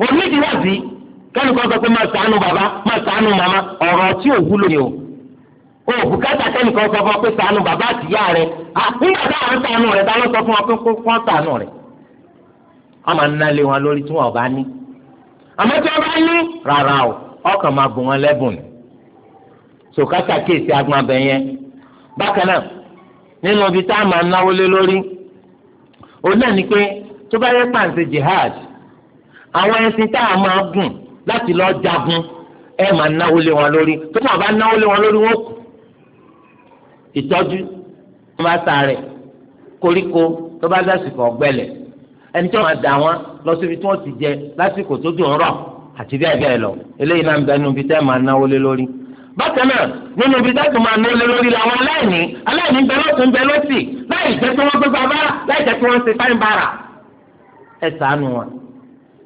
wọ́n ní ìdíwọ́sí kẹ́nu kan sọ pé máa sàánú bàbá máa sàánú màmá ọ̀rọ̀ tí ò wúlò ni o. o bùkátà kẹ́nu kan sọ fún ọ pé sàánú bàbá àti ìyá rẹ nígbà táwọn sàánú rẹ táwọn sọ fún ọ pé kó wọ́n sàánú rẹ. wọ́n máa ná lé wọn lórí tí wọ́n bá ní. àmọ́ tí wọ́n bá ní rárá o ọkàn máa bù wọn lẹ́bùn ni sòkátà kéèsì agbọn abẹ yẹn bákan náà nínú ibi tá a máa náwó lé lórí òun náà ni pé tó bá yẹ pàǹsẹ jihad àwọn ẹṣin tá a máa gùn láti lọ jagun ẹ máa náwó lé wọn lórí tó máa bá náwó lé wọn lórí wọn kù ìtọ́jú tó bá sáré koríko tó bá dásìkò ọ̀gbẹlẹ̀ ẹni tó máa dà wọn lọ síbi tí wọ́n ti jẹ lásìkò tó dùn rọ̀ àti bẹ́ẹ̀ bẹ́ẹ̀ lọ eléyìí náà ń bẹnu ibi tẹ́ máa náwó lé lórí. bákan náà nínú ibi tá a tún máa ná lé lórí làwọn aláìní aláìní bẹ lọ́sùn bẹ lọ́sì láì jẹ́ kí wọ́n láì jẹ́ kí wọ́n ṣe fáìn ẹ wọn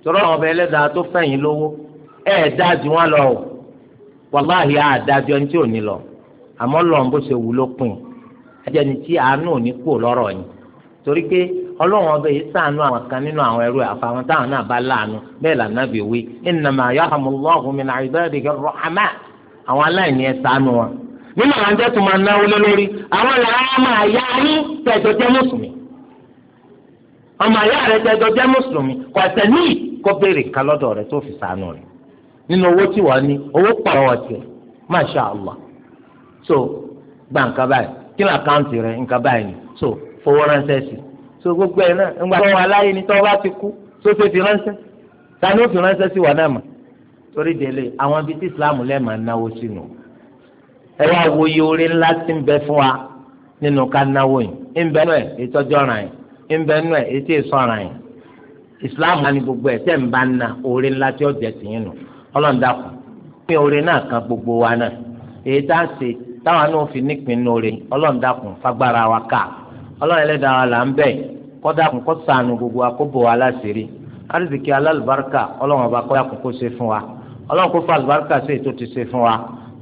tọrọ àwọn ọbẹ ẹlẹ́dàá tó lówó ẹ ju wọn lọ o wàláhì á dáa ju ẹni tí ò ní lọ nínú àwọn ẹrú àfàwọn táwọn náà bá láàánú bẹ́ẹ̀ àwọn aláìní ẹ ṣàánú wọn nínú àwọn àjọ tó máa náwó lórí àwọn làwọn ya yá yín tẹjọ jẹ mùsùlùmí ọmọ àyà rẹ tẹjọ jẹ mùsùlùmí kò ẹsẹ ní kó béèrè kan lọ́dọ̀ rẹ tó fi ṣàánú rẹ nínú owó tí wọn ní owó pọ̀ wọn tiẹ̀ masha allah so gba nǹkan báyìí kí ni àkáǹtì rẹ nǹkan báyìí so fowó ránṣẹ́ sí so gbogbo ẹ náà ń gbà tó aláìní fi torí délé àwọn ibi tí islam lẹ́ẹ̀ máa náwó sínú ẹ wá wo iye orí ńlá tí ń bẹ fún wa nínú ká náwó yìí ń bẹ yìí ń bẹ yìí islam wà ní gbogbo ẹ̀ ń bá na orí ńlá tí ó jẹ tìyín nù orí kan gbogbo wa náà èyí tá a ṣe táwọn náà fi nípìn fagbára wa ká wa gbogbo wa kó bò wa láṣìírí ọlọ́run kó fa àlùbáríkà sí ètò ti ṣe fún wa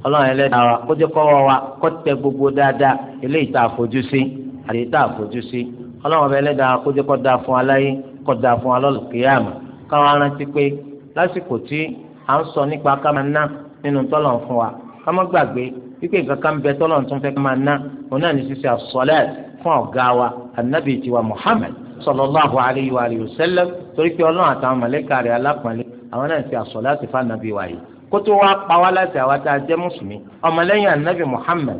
ọlọ́run ẹlẹ́dàá wa kó jẹ́ kọ́wọ́ wa kó tẹ gbogbo dáadáa eléyìí tá a fojú sí àdéhìí tá a fojú sí ọlọ́run ọba ẹlẹ́dàá kó jẹ́ kó dáa fún aláyé kó dáa fún alọ́lùkìyàmù káwọn arántí pé lásìkò tí à ń sọ nípa ká máa ná nínú tọ́lọ̀ fún wa ká má gbàgbé wípé nǹkan kan bẹ tọ́lọ̀ tún fẹ́ ká máa ná òun náà ní ṣíṣe àsọlẹ̀ fún ọ̀gá wa ànábì tiwa Muhammad sallallahu alayhi wa sallam torí pé ọlọ́run àtàwọn mọ̀lẹ́kà rẹ̀ alápọ̀nlé àwọn náà ti àsọ láti fún anabi wa yìí kótó wa pa wá láti àwa tá a jẹ́ mùsùlùmí ọmọlẹ́yìn anabi Muhammad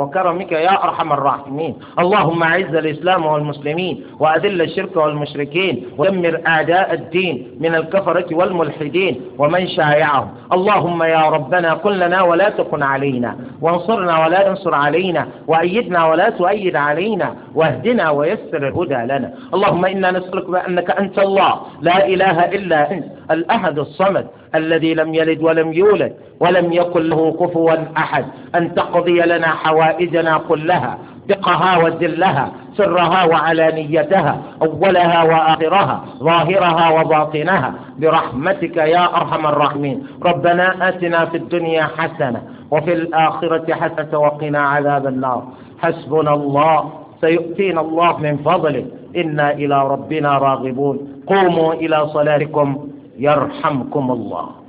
وكرمك يا أرحم الراحمين اللهم أعز الإسلام والمسلمين وأذل الشرك والمشركين ودمر أعداء الدين من الكفرة والملحدين ومن شايعهم اللهم يا ربنا كن لنا ولا تكن علينا وانصرنا ولا تنصر علينا وأيدنا ولا تؤيد علينا واهدنا ويسر الهدى لنا اللهم إنا نسألك بأنك أنت الله لا إله إلا أنت الأحد الصمد الذي لم يلد ولم يولد ولم يكن له كفوا أحد أن تقضي لنا حوائجنا كلها دقها وزلها سرها وعلانيتها أولها وآخرها ظاهرها وباطنها برحمتك يا أرحم الراحمين ربنا آتنا في الدنيا حسنة وفي الآخرة حسنة وقنا عذاب النار حسبنا الله سيؤتينا الله من فضله إنا إلى ربنا راغبون قوموا إلى صلاتكم يرحمكم الله